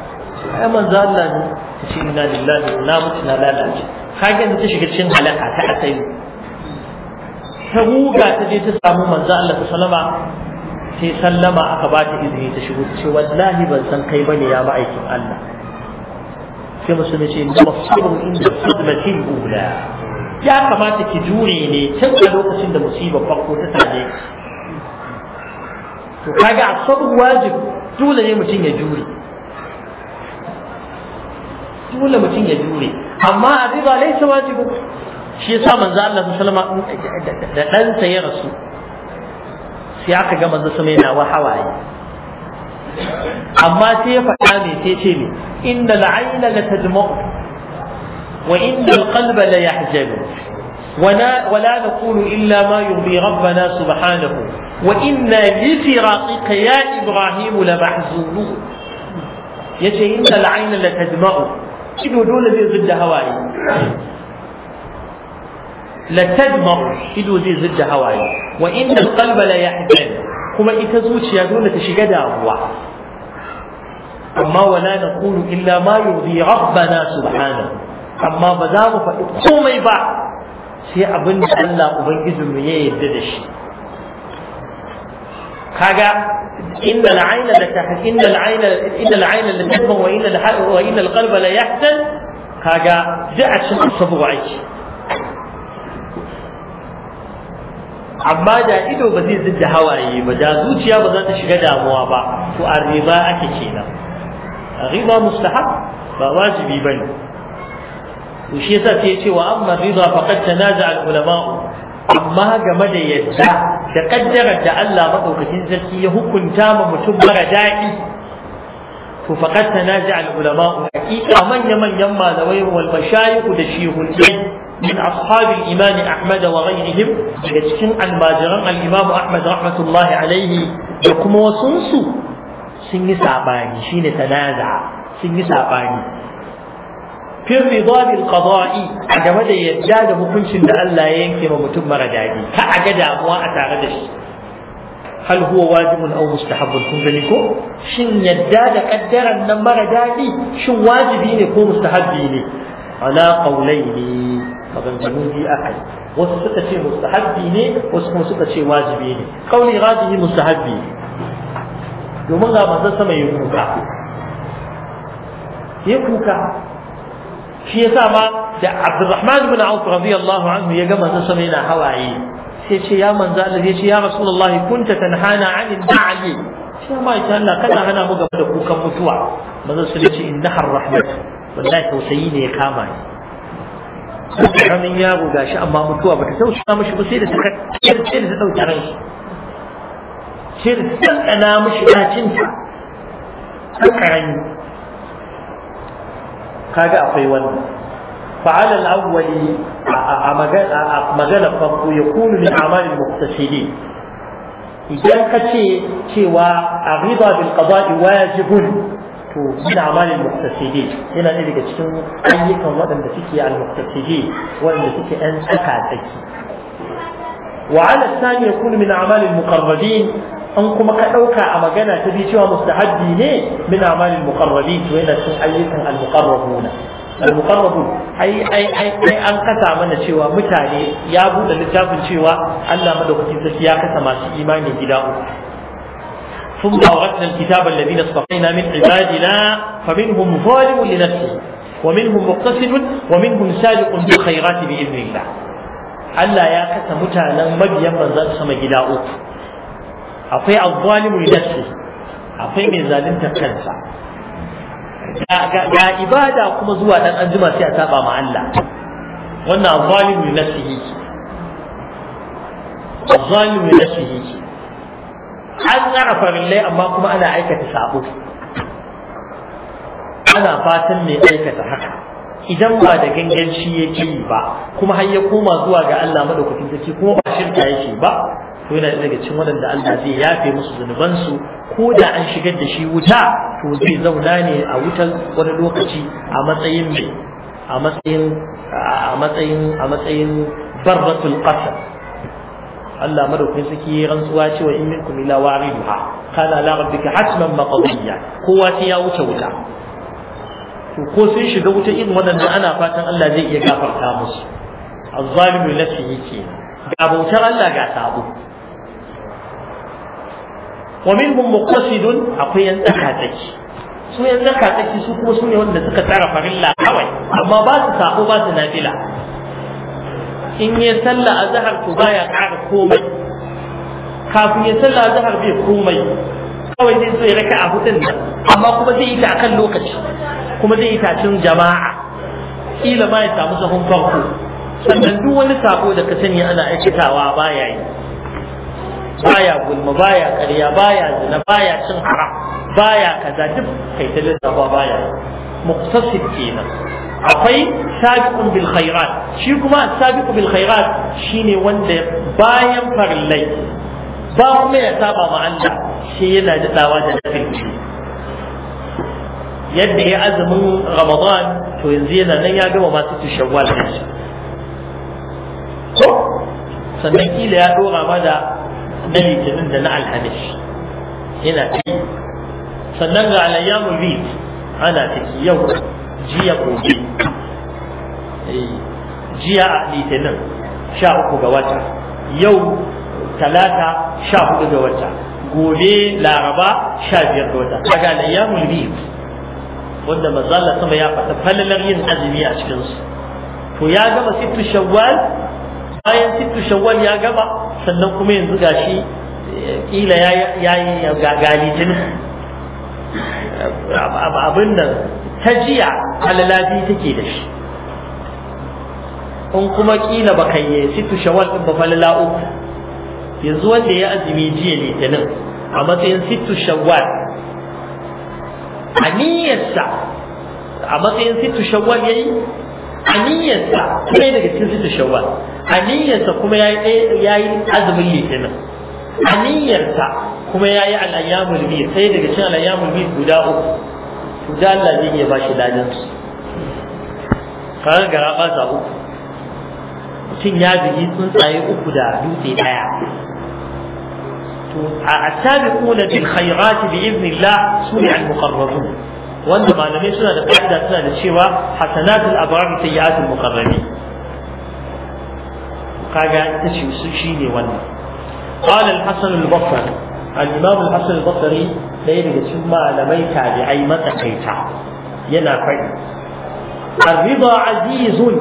ai manzan Allah ne ta ce inna lillahi na mutu na lalace kage da ta shiga cikin halaka ta asali ta ruga ta je ta samu manzan Allah ta sallama, sai sallama aka ba ta izini ta shigo ta ce wallahi ban san kai bane ya ma'aikin Allah sai musulmi ce inda masirun inda sadmatin ula ya kamata ki jure ne tun a lokacin da musibar farko ta same to kaga a sabon wajib dole ne mutum ya jure dole mutum ya jure amma a riba laisa wajibu shi yasa manzo Allah sallallahu alaihi wasallam da ɗansa ya rasu sai aka ga manzo sama yana wa hawaye amma sai ya faɗa ne sai ce ne inda la'ayina la tadmu wa inda alqalba la yahjabu wala wala kulu illa ma yurdi rabbana subhanahu wa inna li firaqika ya ibrahim la mahzunu yace inda la'ayina la tadmu ido dole zai zidda hawaye la tadmu ido zai zidda hawaye wa inda alqalba la yahjabu kuma ita zuciya dole ta shiga damuwa amma wala na naqulu illa ma yurdi rabbana subhana amma ba za mu faɗi komai ba sai abin da Allah ubangijinmu ya yarda da shi kaga inna al-ayna la tahzan inna al-ayna inna al-ayna la tahzan wa inna al-qalba wa inna al-qalba la yahzan kaga ja'a cin sabu aiki amma da ido ba zai zidda hawaye ba da zuciya ba za ta shiga damuwa ba to arriba ake kenan riba mustahab ba wajibi bane to shi yasa sai ce wa amma riba faqad tanaza al ulama amma game da yadda da kaddarar da Allah madaukakin sarki ya hukunta ma mutum mara daɗi to faqad tanaza al ulama hakika manya manyan malamai wal mashayikh da shehunai من أصحاب الإمام أحمد وغيرهم almajiran الماجران الإمام أحمد رحمة الله عليه يقوم su. sun yi sabani shine tanaza sun yi sabani fi ridad al-qada'i a game da yadda da hukuncin da Allah ya yanke ma mutum mara dadi ka a damuwa a tare da shi hal huwa wajibun aw mustahabun kun gani ko shin yadda da kaddaran nan mara dadi shin wajibi ne ko mustahabi ne ala qawlaini maganganu bi akai wasu suka ce mustahabi ne wasu kuma suka ce wajibi ne qawli radihi mustahabi domin ga manzon sama ya kuka ya kuka shi yasa ma da Abdurrahman ibn Auf radiyallahu anhu ya ga manzon sama yana hawaye sai ce ya manzo Allah ya ce ya Rasulullah kunta tanhana 'anil da'li shi ma ya Allah kada hana mu da kukan mutuwa manzon sai ya ce innaha rahmat wallahi tausayi ne ya kama ni karamin yaro gashi amma mutuwa bata tausaya mishi ba sai da ta sai da ta dauke ransa تردن أنا مش ناجنتا أكعني كاقا أقيوان فعلى الأول مجال فرقو يكون من أعمال المقتصدين إذا كتي تيوى أغيضا بالقضاء واجب من أعمال المقتصدين هنا نريد أن يكون وضع المقتصدين وضع المقتصدين أن تكعد وعلى الثاني يكون من أعمال المقربين an kuma ka ɗauka a magana ta bi cewa mustahabbi ne min amalil muqarrabin to yana cikin ayyukan al muqarrabuna al muqarrabun an kasa mana cewa mutane ya bude littafin cewa Allah madaukaki sarki ya kasa masu imani gida uku ثم أورثنا الكتاب الذين اصطفينا من عبادنا فمنهم ظالم لنفسه ومنهم مقتصد ومنهم سابق بالخيرات بإذن الله Allah ya kasa mutanen mabiyan manzon sama gida uku akwai azzalimu nafsi akwai mai zalunta kansa ga ibada kuma zuwa dan anjima sai a saba ma Allah wannan azzalimu nafsihi azzalimu nafsihi an farin lai amma kuma ana aikata sabo ana fatan mai aikata haka idan ba da ganganci yake yi ba kuma har ya koma zuwa ga Allah madaukakin sarki kuma ba shirka yake ba to yana daga cikin waɗanda Allah zai yafe musu zunubansu ko da an shigar da shi wuta to zai zauna ne a wutar wani lokaci a matsayin mai a matsayin a matsayin a matsayin barratul Allah madaukakin sarki ya rantsuwa cewa in minkum ila wariduha kana la rabbika hatman maqdiya kowa sai ya wuce wuta to ko sun shiga wuta irin waɗanda ana fatan Allah zai iya gafarta musu azzalimu nafsihi yake ga bautar Allah ga sabo wa minhum muqtasidun akwai yan tsaka tsaki su yan tsaka tsaki su kuma su ne wanda suka tsara farilla kawai amma ba su sabo ba su nafila in ya sallah azhar to baya ƙara komai kafin ya sallah azhar bai komai kawai zai zo ya raka a hudun amma kuma zai yi ta akan lokaci kuma zai yi tashin jama'a kila ba ya samu sahun farko sannan duk wani sako da ka sani ana aikatawa baya yi baya gulma baya karya, baya zina baya cin haram baya kaza duk kai ta lissafa baya muktasid kenan akwai sabiqun bil khairat shi kuma sabiqu bil khairat shine wanda bayan farillai ba kuma ya saba ma Allah shi yana da dawa da nafi yadda ya azumin ramadan to yanzu yana nan ya gama masu su shawwal din shi ko sannan kila ya dora ma da na litinin da na alhamis yana ciki sannan ga alayyamu bid ana ciki yau jiya gobe eh, jiya a litinin sha uku ga wata yau talata sha hudu ga wata gobe laraba sha biyar ga wata kaga alayyamu bid wanda manzala sama ya faɗa falalar yin azumi a cikin su to ya gama sittu shawwal bayan sittu shawwal ya gama sannan kuma yanzu gashi eh, kila ya ya ga abin nan ta jiya alalabi take da shi Kun kuma kila ba kai yi sittu shawwal ba falala uku yanzu wanda ya azumi jiya litinin a matsayin sittu shawwal aniyarsa a matsayin situ shawwal yayi aniyarsa ɗaya daga cikin situ shawwal aniyarsa kuma ya yi azumin litinin aniyarsa kuma ya yi al'ayyamul bi sai daga cikin al'ayyamul bi guda uku to da Allah zai iya bashi ladan su karar gara ba uku mutum ya gaji tsuntsaye uku da dutse ɗaya السابقون بالخيرات بإذن الله سمع المقربون wanda malamai suna da fa'ida suna da cewa hasanatul abrar sayyi'atul muqarrabin kaga ita ce su shine wannan qala al-hasan al-basri al-imam al-hasan al-basri dai daga cikin malamai tabi'ai matsakaita yana faɗi ar-ridha azizun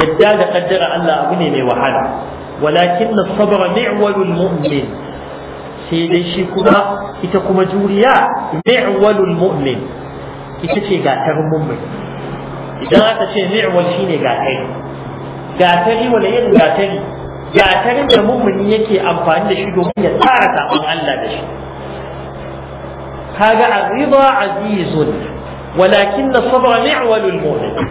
yadda da kaddara Allah abu ne mai wahala walakin as-sabr ni'walul mu'min sai dai shi kuma ita kuma juriya mi'walul mu'min ita ce gatar mu'min idan aka ce mi'wal shine gatari gatari wala yin gatari gatarin da mu'mini yake amfani da shi domin ya tara sabon Allah da shi kaga arriba azizun walakin sabra mi'walul mu'min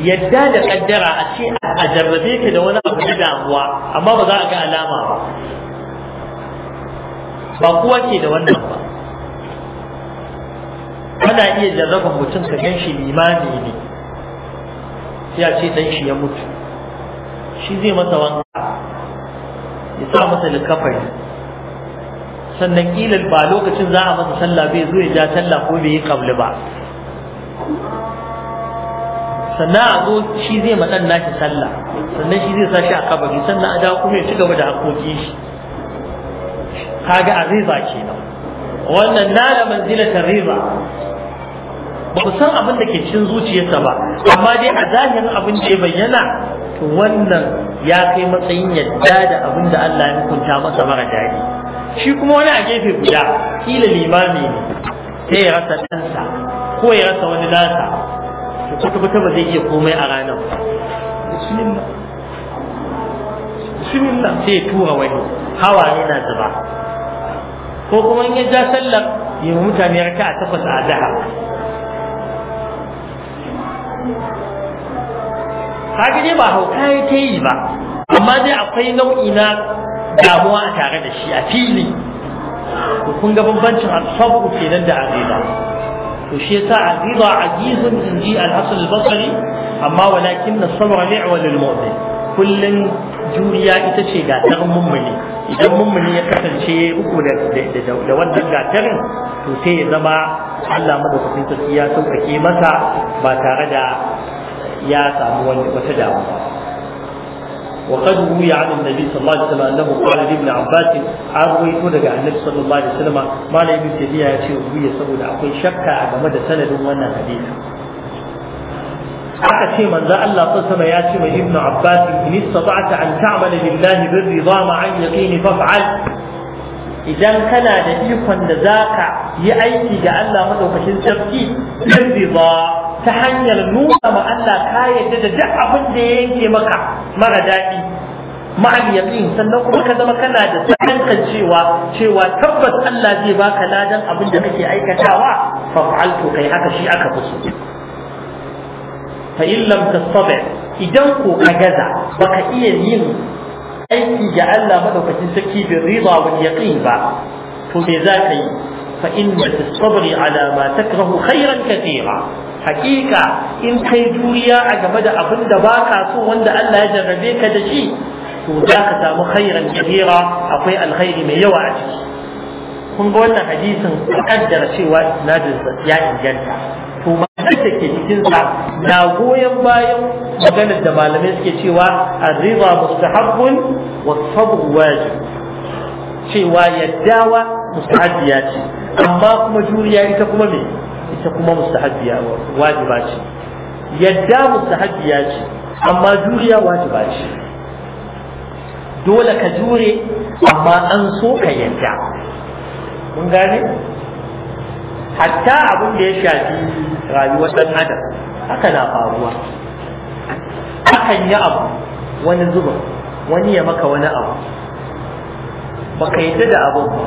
yadda da kaddara a ce a jarrabe ka da wani abu da damuwa amma ba za a ga alama ba ba kowa ke da wannan ba kana iya jarraba mutum ka gan shi limami ne sai a ce dan shi ya mutu shi zai masa wanka ya sa masa likafari sannan kila ba lokacin za a masa sallah bai zo ya ja sallah ko bai yi kabli ba sannan a zo shi zai matsan nashi sallah sannan shi zai sashi a kabari sannan a dawo kuma ya ci gaba da haƙoƙi shi kaga a riba nan. wannan na nala manzilatar riba ba ku san abin da ke cin zuciyarsa ba amma dai a zahirin abin da ya bayyana to wannan ya kai matsayin yadda da abin da Allah ya hukunta masa mara daɗi shi kuma wani a gefe guda kila limami ne sai ya rasa ɗansa ko ya rasa wani nasa to kwata ba zai iya komai a ranar bismillah sai ya tura wani hawa ne na zuba ko kuma in ya ja sallar yi mutane raka a takwas a daha kaga dai ba hauka ya ta yi ba amma dai akwai nau'i na damuwa a tare da shi a fili kun ga bambancin asabu kenan da arewa. to shi yasa aziza azizun inji al-hasan al-basri amma walakin as-sabr ni'wal al-mu'min kullun juriya ita ce gatarin mummuni idan mummuni ya kasance uku da wannan datarin to sai ya zama Allah madaukakin sarki ya sauƙaƙe masa ba tare da ya samu wata damuwa وقد روي عن النبي صلى الله عليه وسلم انه قال لابن عباس ارويت daga النبي صلى الله عليه وسلم ما لا ابن تيميه ya ce ruwiya saboda akwai shakka a game da sanadin wannan hadisi aka ce manzo Allah sallallahu ya ce wa ibn Abbas in istata'ta an ta'mala lillahi bir rida ma an yaqini faf'al idan kana da ikon da zaka yi aiki ga Allah madaukakin sarki bir rida ta hanyar nuna ma Allah ka yadda da duk abin da ya yanke maka mara daɗi ma'al yaqin sannan kuma ka zama kana da sakankan cewa cewa tabbas Allah zai baka ladan abin da kake aikatawa fa fa'altu kai haka shi aka fi so fa in lam idan ko ka gaza baka iya yin aiki ga Allah madaukakin sarki bin riba wal yaqin ba to me za ka yi fa inna tasabri ala ma takrahu khairan katira hakika in kai juriya a game da abin da baka so wanda Allah ya jarrabe ka da shi to za ka samu khairan kabira akwai alkhairi mai yawa a ciki kun ga wannan hadisin kaddara cewa isnadinsa ya inganta to ma'anar da ke cikinsa na goyon bayan maganar da malamai suke cewa arriba mustahabbun wa sabr wajib cewa yaddawa mustahabbiya ce amma kuma juriya ita kuma me ita kuma mustahabbiya wajiba ce yadda mustahabbiya ce amma juriya wajiba ce dole ka jure amma an so ka yadda mun gane hatta abin da ya shafi rayuwar dan adam haka na faruwa akan yi abu wani zubin wani ya maka wani abu baka yadda da abin ba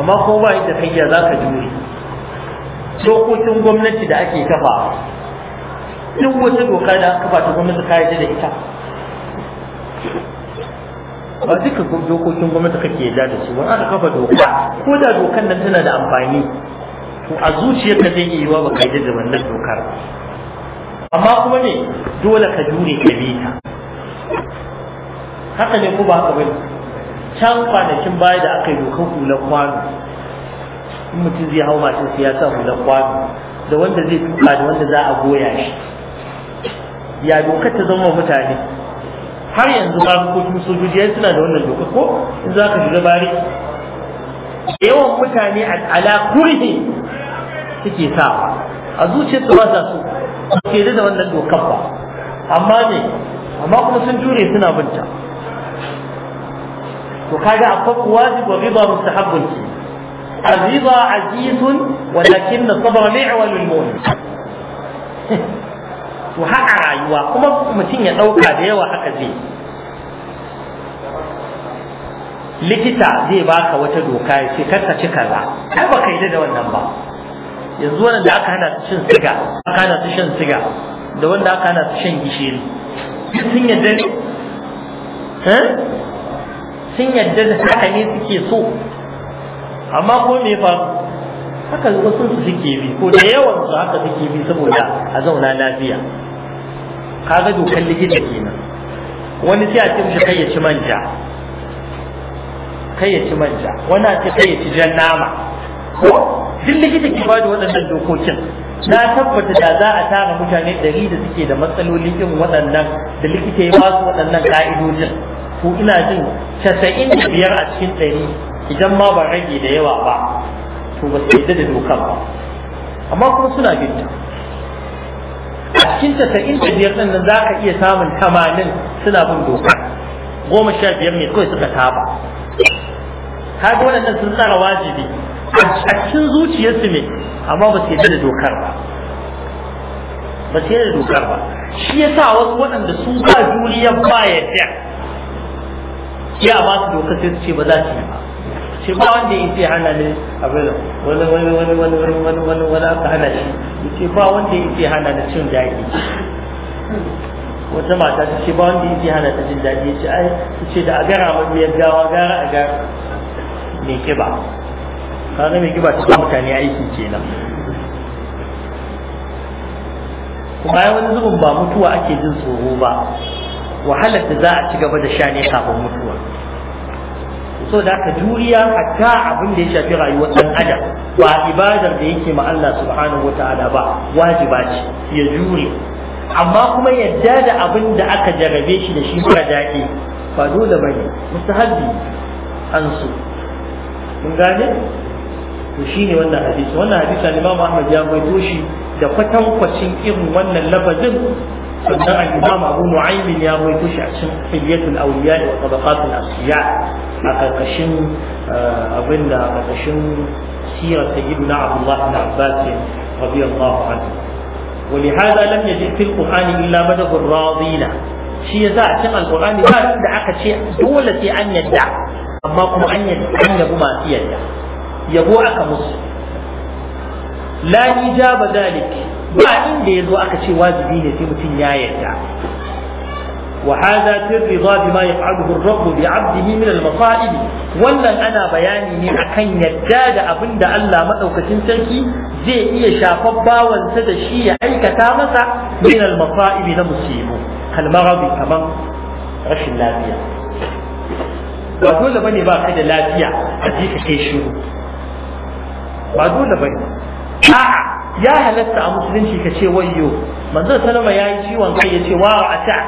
amma ko ba yadda kai za ka jure dokokin gwamnati da ake kafa duk wata doka da aka kafa ta gwamnati ka yadda da ita ba duka dokokin gwamnati kake ke da su ba aka kafa doka ko da dokan nan tana da amfani to a zuciyarka zai iya yiwa ba ka yi da wannan dokar amma kuma ne dole ka jure ka bi ta haka ne ko ba haka bane can kwanakin baya da aka yi dokar hular kwano in mutum zai hau masu siyasa ya sa hular kwano da wanda zai tuka da wanda za a goya shi ya dokar ta zama mutane har yanzu harkokin sojoji suna da wannan doka ko in za ka shiga bari yawan mutane ala kurhi suke sa a su ba za su ke da wannan dokar ba amma ne amma kuma sun jure suna binta to kaga akwai wajibi wa riba mustahabbun ke الرضا عزيز ولكن الصبر معول المؤمن to haka rayuwa kuma mutum ya ɗauka da yawa haka zai likita zai baka wata doka ya ce karka ci kaza ai baka yi da wannan ba yanzu wanda aka hana su shan siga aka hana su shan siga da wanda aka hana su shan gishiri sun yadda ne sun yadda da haka ne suke so amma ko me fa haka wasu su suke bi ko da yawan su haka suke bi saboda a zauna lafiya kaga dokar likita kenan wani sai a ce mishi kai ya ci manja kai ya ci manja wani a ce kai ya ci jan nama ko duk likita ke ba da waɗannan dokokin na tabbata da za a tara mutane ɗari da suke da matsaloli irin waɗannan da likita ya ba su waɗannan ka'idojin ko ina jin casa'in da biyar a cikin ɗari idan ma ba rage da yawa ba to ba su yadda da dokar ba amma kuma suna binta a cikin tasa'in da biyar ɗin nan za ka iya samun tamanin suna bin dokar goma sha biyar ne kawai suka saba kaga waɗannan sun tsara wajibi a cikin zuciyarsu ne amma ba su yadda da dokar ba ba su yadda da dokar ba shi ya sa wasu waɗanda su ba juriya ba yadda ya ba su dokar sai su ce ba za su yi ba shi ba wanda ya ce hana ne abin wani wani wani wani wani wani wani wani aka hana shi ya ce ba wanda ya ce hana na cin daɗi wata mata ta ce ba wanda ya ce hana ta cin daɗi ya ce ai ta ce da a gara mai gawa gara a gara mai kiba kaga mai kiba ta mutane aiki kenan bayan wani zubin ba mutuwa ake jin tsoro ba wahalar da za a ci gaba da sha ne kafin mutuwa so da ka juriya hatta abin da ya shafi rayuwar dan adam ba ibadar da yake ma Allah subhanahu wataala ba wajiba ce ya jure amma kuma yadda da abin da aka jarabe shi da shi mara daɗe ba dole bane mustahabbi an su mun gane to ne wannan hadisi wannan hadisi al-Imam Ahmad ya baito shi da kwatankwacin irin wannan lafazin فدرع الإمام أبو نعيم يا ويتوش عشان حلية الأولياء وطبقات الأشياء أقرقشن أبن آه، أقرقشن سيرة سيدنا عبد الله بن عباس رضي الله عنه ولهذا لم يجد في القرآن إلا مدد الراضين شيء يزاع شمع القرآن ما تدعى شيء دولة أن يدع أما كم أن يدعى أن يبو ما فيه يبوعك مسلم لا إجاب ذلك ba inda ya zo aka ce wajibi ne sai mutum ya yarda وهذا في الرضا بما يفعله الرب بعبده من المصائب wannan ana bayani ne kan yadda da abinda Allah madaukakin sarki zai iya shafar bawansa da shi ya aikata masa min al-masa'ib na musibu kal maradi kaman rashin lafiya ba dole bane ba kai da lafiya a ka ba ya halatta a musulunci ka ce wayyo manzon salama ya yi ciwon kai ya ce wa a ta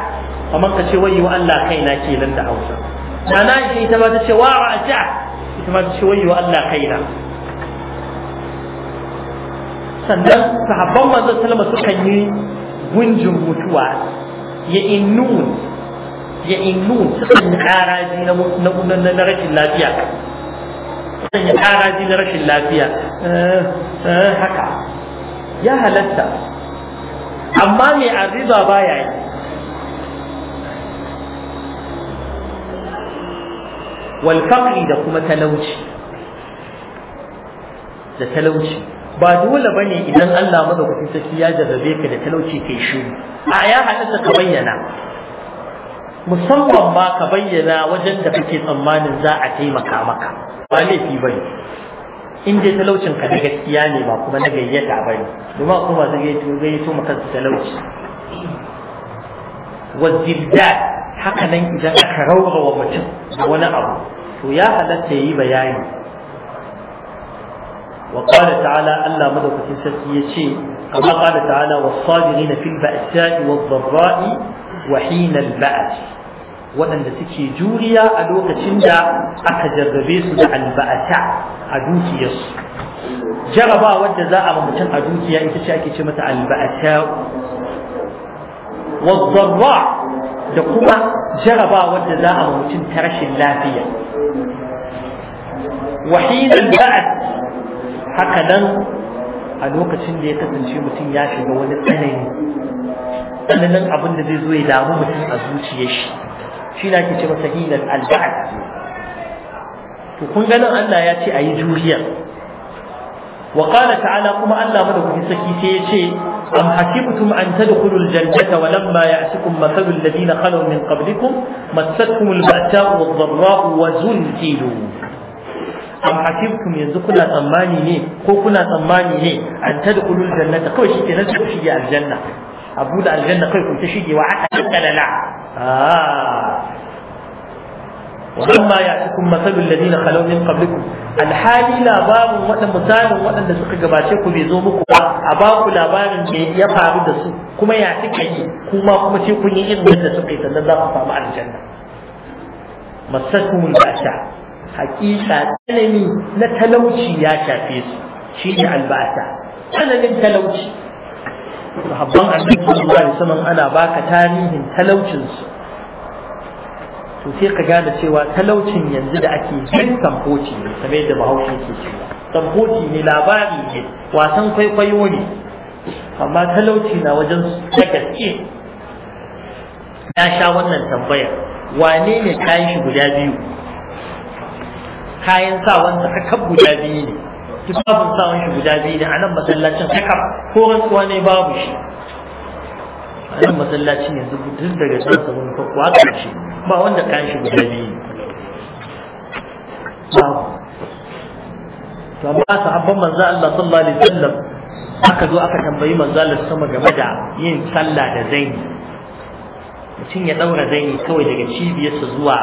kamar ka ce wayyo Allah kaina kenan da Hausa ana shi ita ma ta ce wa a ta ita ma ta ce wayyo Allah kaina sannan sahabban manzon salama sukan yi gunjin mutuwa ya innun ya innun sukan yi karaji na rashin lafiya sukan yi karaji na rashin lafiya haka ya halatta amma mai arriba baya yi walfaƙi da kuma talauci da talauci ba dole ba ne idan Allah madaukakin saki ya jarrabe ka da talauci kai shiru a ya halatta ka bayyana musamman ma ka bayyana wajen da kake tsammanin za a taimaka maka ba laifi ba ne in dai talaucin ka da gaskiya ne ba kuma na gayyata ba ne domin akwai masu gayyato gayyato maka talauci wazibda haka nan idan aka wa mutum da wani abu to ya halatta yi bayani wa qala ta'ala Allah madaukakin sarki yace kama qala ta'ala was-sabirin fil ba'sa'i wad-dharra'i wa hina al-ba's waɗanda suke juriya a lokacin da aka jarrabe su da alba'ata a dukiyarsu jaraba wadda za a mutum a dukiya ita ce ake ce mata alba'ata wazzarra da kuma jaraba wadda za a mutum ta rashin lafiya wahilin ba'at haka nan a lokacin da ya kasance mutum ya shiga wani tsanani tsananin abin da zai zo ya damu mutum a zuciyar shi shi na ke ce masa hinan alba'ad to kun ganin Allah ya ce a yi juriya wa qala ta'ala kuma Allah madaukaki saki sai ya ce am hasibtum an tadkhulu aljannata wa lamma ya'tikum mathalu alladhina khalu min qablikum massatkum alba'sa'u wadh-dharra'u wa zulzilu am hasibtum yanzu kuna tsammani ne ko kuna tsammani ne an tadkhulu aljannata kawai shi kenan ku shige aljanna a buɗe aljanna kai kun ta shige ah. wa haka da da na wamma ya ci kun masabi lalli na kalaunin kabliku alhali labarin waɗanda waɗanda suka gabace ku bai zo muku ba a ba labarin da ya faru da su kuma ya ci kai kuma kuma ce kun yi irin yadda suka yi sannan za ku samu aljanna masakumul ba'sa haƙiƙa tsanani na talauci ya shafe su shi ne albasa tsananin talauci sahabban annabi sallallahu alaihi wasallam ana baka tarihin talaucin su to sai ka gane cewa talaucin yanzu da ake yin tamboci ne kamar yadda bahaushe ke cewa tamboci ne labari ne wasan kwaikwayo ne amma talauci na wajen su da gaske Ya sha wannan tambayar wane ne kayan shi guda biyu kayan sawansa kakab guda biyu ne babu sawan shi guda biyu da anan masallacin sakar ko rantsuwa ne babu shi anan masallacin yanzu duk daga can sa wani farko haka shi ba wanda kayan shi guda biyu babu to amma sahabban manzo Allah sallallahu alaihi wasallam aka zo aka tambayi manzo Allah sama game da yin sallah da zaini mutum ya daura zaini kawai daga cibiyarsa zuwa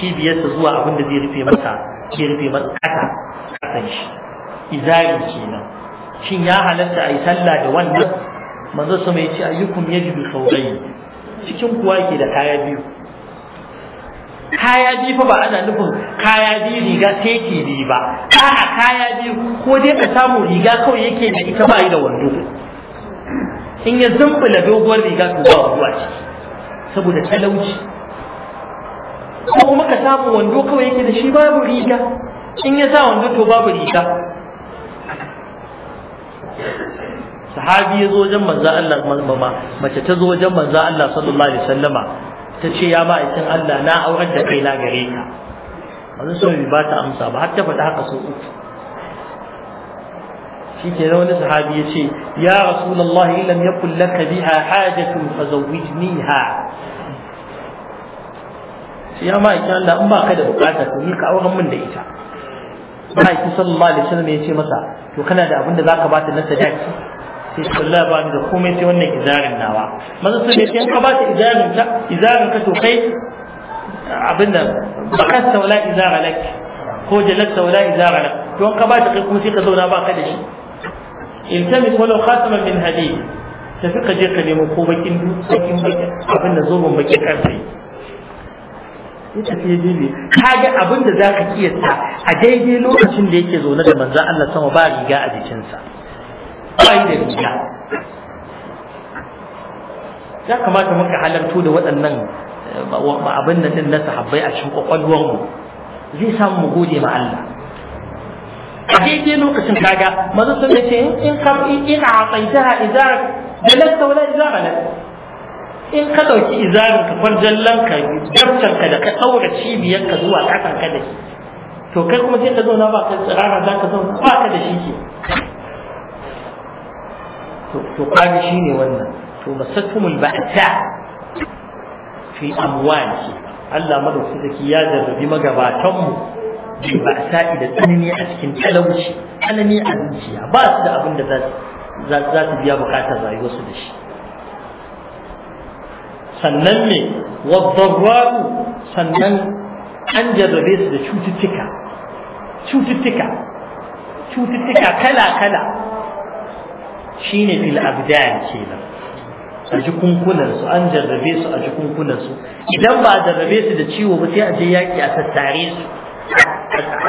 cibiyarsa zuwa abin da zai rufe masa ke rufe masa ƙasa ƙasan shi izari kenan shin ya halatta a yi sallah da wannan manzo sama ya ce ayyukum yajibu saurayi cikin kuwa ke da kaya biyu kaya biyu fa ba ana nufin kaya biyu riga teki biyu ba a'a kaya biyu ko dai ka samu riga kawai yake da ita ba yi da wando in ya zumbula doguwar riga to ba ruwa ciki saboda talauci ko kuma ka samu wando kawai yake da shi babu riga in ya sa wando to babu riga sahabi ya zo wajen manzo Allah mama mace ta zo wajen manzo Allah sallallahu alaihi wasallama ta ce ya ma'aikin Allah na aurar da kai na gare ka manzo sallallahu ba ta amsa ba har ta faɗa haka so uku shi ke wani sahabi ya ce ya rasulullahi lam yakul laka biha hajatun fazawwijniha shi ya ma yake Allah in ba ka da bukata to ni ka auren min da ita ma'aikin sallallahu alaihi wasallam ya ce masa to kana da abin da zaka ta na sadaki sai shi Allah ba ni da komai sai wannan izarin nawa maza ya ce in ka ta izarin ta izarin ka to kai abin da bakasta wala izara lak ko jalatta wala izara lak to an ka ba ta kai kuma sai ka zauna ba ka da shi In iltamis walau khataman min hadid tafi ka je ka nemo ko bakin bakin abin da zo ban bakin karfe ya tafi ya je kaga abin da zaka kiyasta a daidai lokacin da yake zaune da manzon Allah sama ba riga a jikinsa yi da riga ya kamata muka halarto da waɗannan abin da din na sahabbai a cikin kwakwalwarmu zai samu mu gode ma Allah a daidai lokacin kaga manzon sun ce in ka in a tsaita tsaitaha da dalasta wala idza ghalat in ka ɗauki izarin ka farjan ka daftar ka da ka ɗaura cibiyar ka zuwa ƙasan ka da shi to kai kuma sai ka zauna ba ka tsirara za ka zauna ba ka da shi ke to kwani shi ne wannan to masatumul ba'ata fi amwali Allah madauki saki ya jarrabi magabatanmu bi ba'ata da tsanani a cikin talauci tsanani a zuciya ba su da abin da za su biya bukatar rayuwarsu da shi sannan me waddarra'u sannan an jarrabe su da cututtuka cututtuka cututtuka kala-kala Shi shine fil abdan kenan a jikunkunan su an jarrabe su a jikunkunan su idan ba a jarrabe su da ciwo ba sai a je yaƙi a tattare su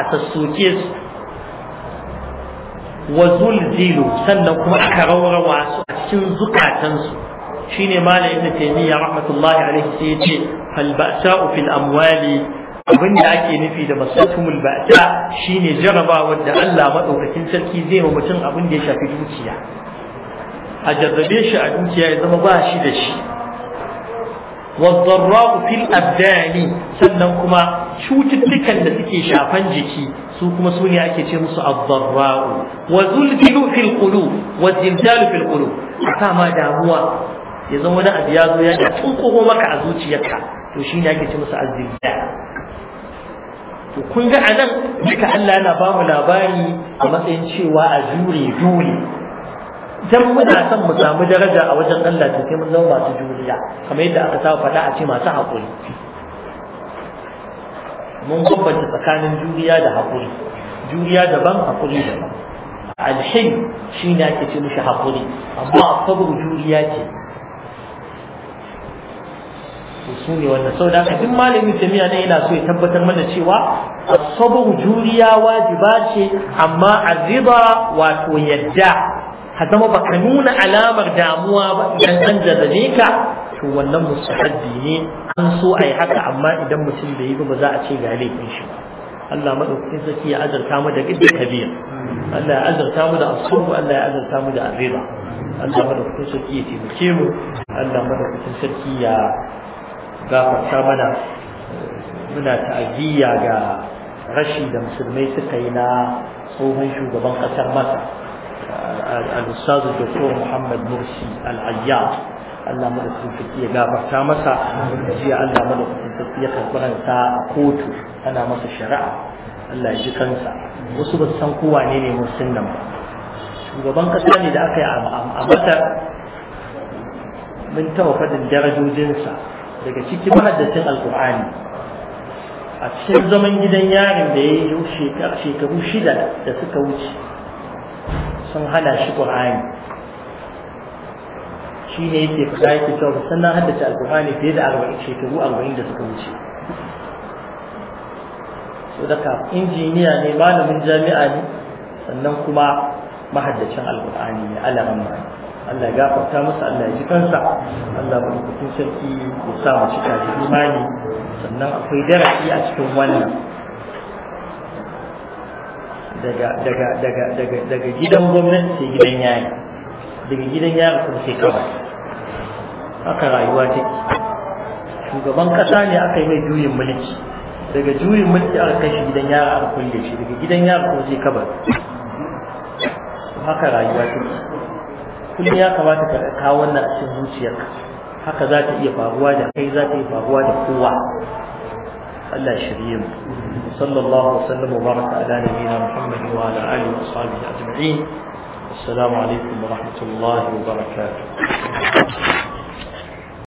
a sassoke su wa zulzilu sannan kuma aka raurawa su a cikin zukatansu shine malam ibnu taymiya rahmatullahi alaihi sai yace fal ba'sa'u fil amwali abin da ake nufi da masatumul ba'sa shine jaraba wanda Allah madaukakin sarki zai ma mutum abin da ya shafi dukiya a jarrabe shi a dukiya ya zama ba shi da shi والضراء fil الأبدان sannan kuma cututtukan da suke shafan jiki su kuma su ne ake ce musu azzarra'u wa zulzilu fil qulub wa zilzalu fil qulub ma damuwa ya zama wani abu ya zo ya tunkuho maka a zuciyarka to shi ne ake ce musu azziya to kun ga anan duka Allah yana ba mu labari a matsayin cewa a jure jure dan muna son mu samu daraja a wajen Allah to sai mun zama masu juriya kamar yadda aka saba faɗa a ce masu haƙuri mun bambanta tsakanin juriya da haƙuri juriya daban haƙuri daban alhin shi ne ake ce mishi haƙuri amma a juriya ce su ne wannan sau da duk malamin jami'a ne yana so ya tabbatar mana cewa sabon juriya wajiba ce amma aziba wato yadda ka zama baka nuna alamar damuwa ba idan an jarrabe ka to wannan musu haddi ne an so a yi haka amma idan mutum bai yi ba za a ce ga laifin shi Allah madaukakin sarki ya azurta mu da gidda kabir Allah ya azurta mu da asubu Allah ya azurta mu da aziba Allah madaukakin sarki ya taimake mu Allah madaukakin sarki ya gafarta mana muna ta'aziyya ga rashi da musulmai suka yi na tsohon shugaban kasar masa al-ustaz dr muhammad mursi al ayya Allah madaukakin sarki ya gafarta masa jiya Allah madaukakin sarki ya karbaranta a kotu ana masa shari'a Allah ya ji kansa wasu ba san kowa ne ne musulmin nan ba shugaban kasa ne da aka yi a matar mun tawa fadin darajojinsa daga ciki mahaddacin alkur'ani a cikin zaman gidan yarin da ya yi shekaru shida da suka wuce sun hana shi ƙur'ani shi ne yake fita yake cewa ba sannan haddace alkur'ani fiye da arba'in shekaru arba'in da suka wuce so daga injiniya ne malamin jami'a ne sannan kuma mahaddacin alkur'ani ne alaman mani Allah ya gafarta masa Allah ya ji kansa Allah ba ku sarki ya sa mu cika da imani sannan akwai darasi a cikin wannan daga daga daga daga daga gidan gwamnati sai gidan yayi daga gidan yayi kuma sai kawai haka rayuwa take shugaban kasa ne aka yi mai juyin mulki daga juyin mulki aka kai shi gidan yara aka kulle shi daga gidan yara kuma sai kabar haka rayuwa take kullum ya kamata ka kawo wannan a cikin zuciyarka haka za ta iya faruwa da kai za ta iya faruwa da kowa Allah shirye mu sallallahu alaihi wasallam wa baraka ala nabiyyina Muhammad wa ala alihi wa sahbihi ajma'in assalamu alaikum wa rahmatullahi wa barakatuh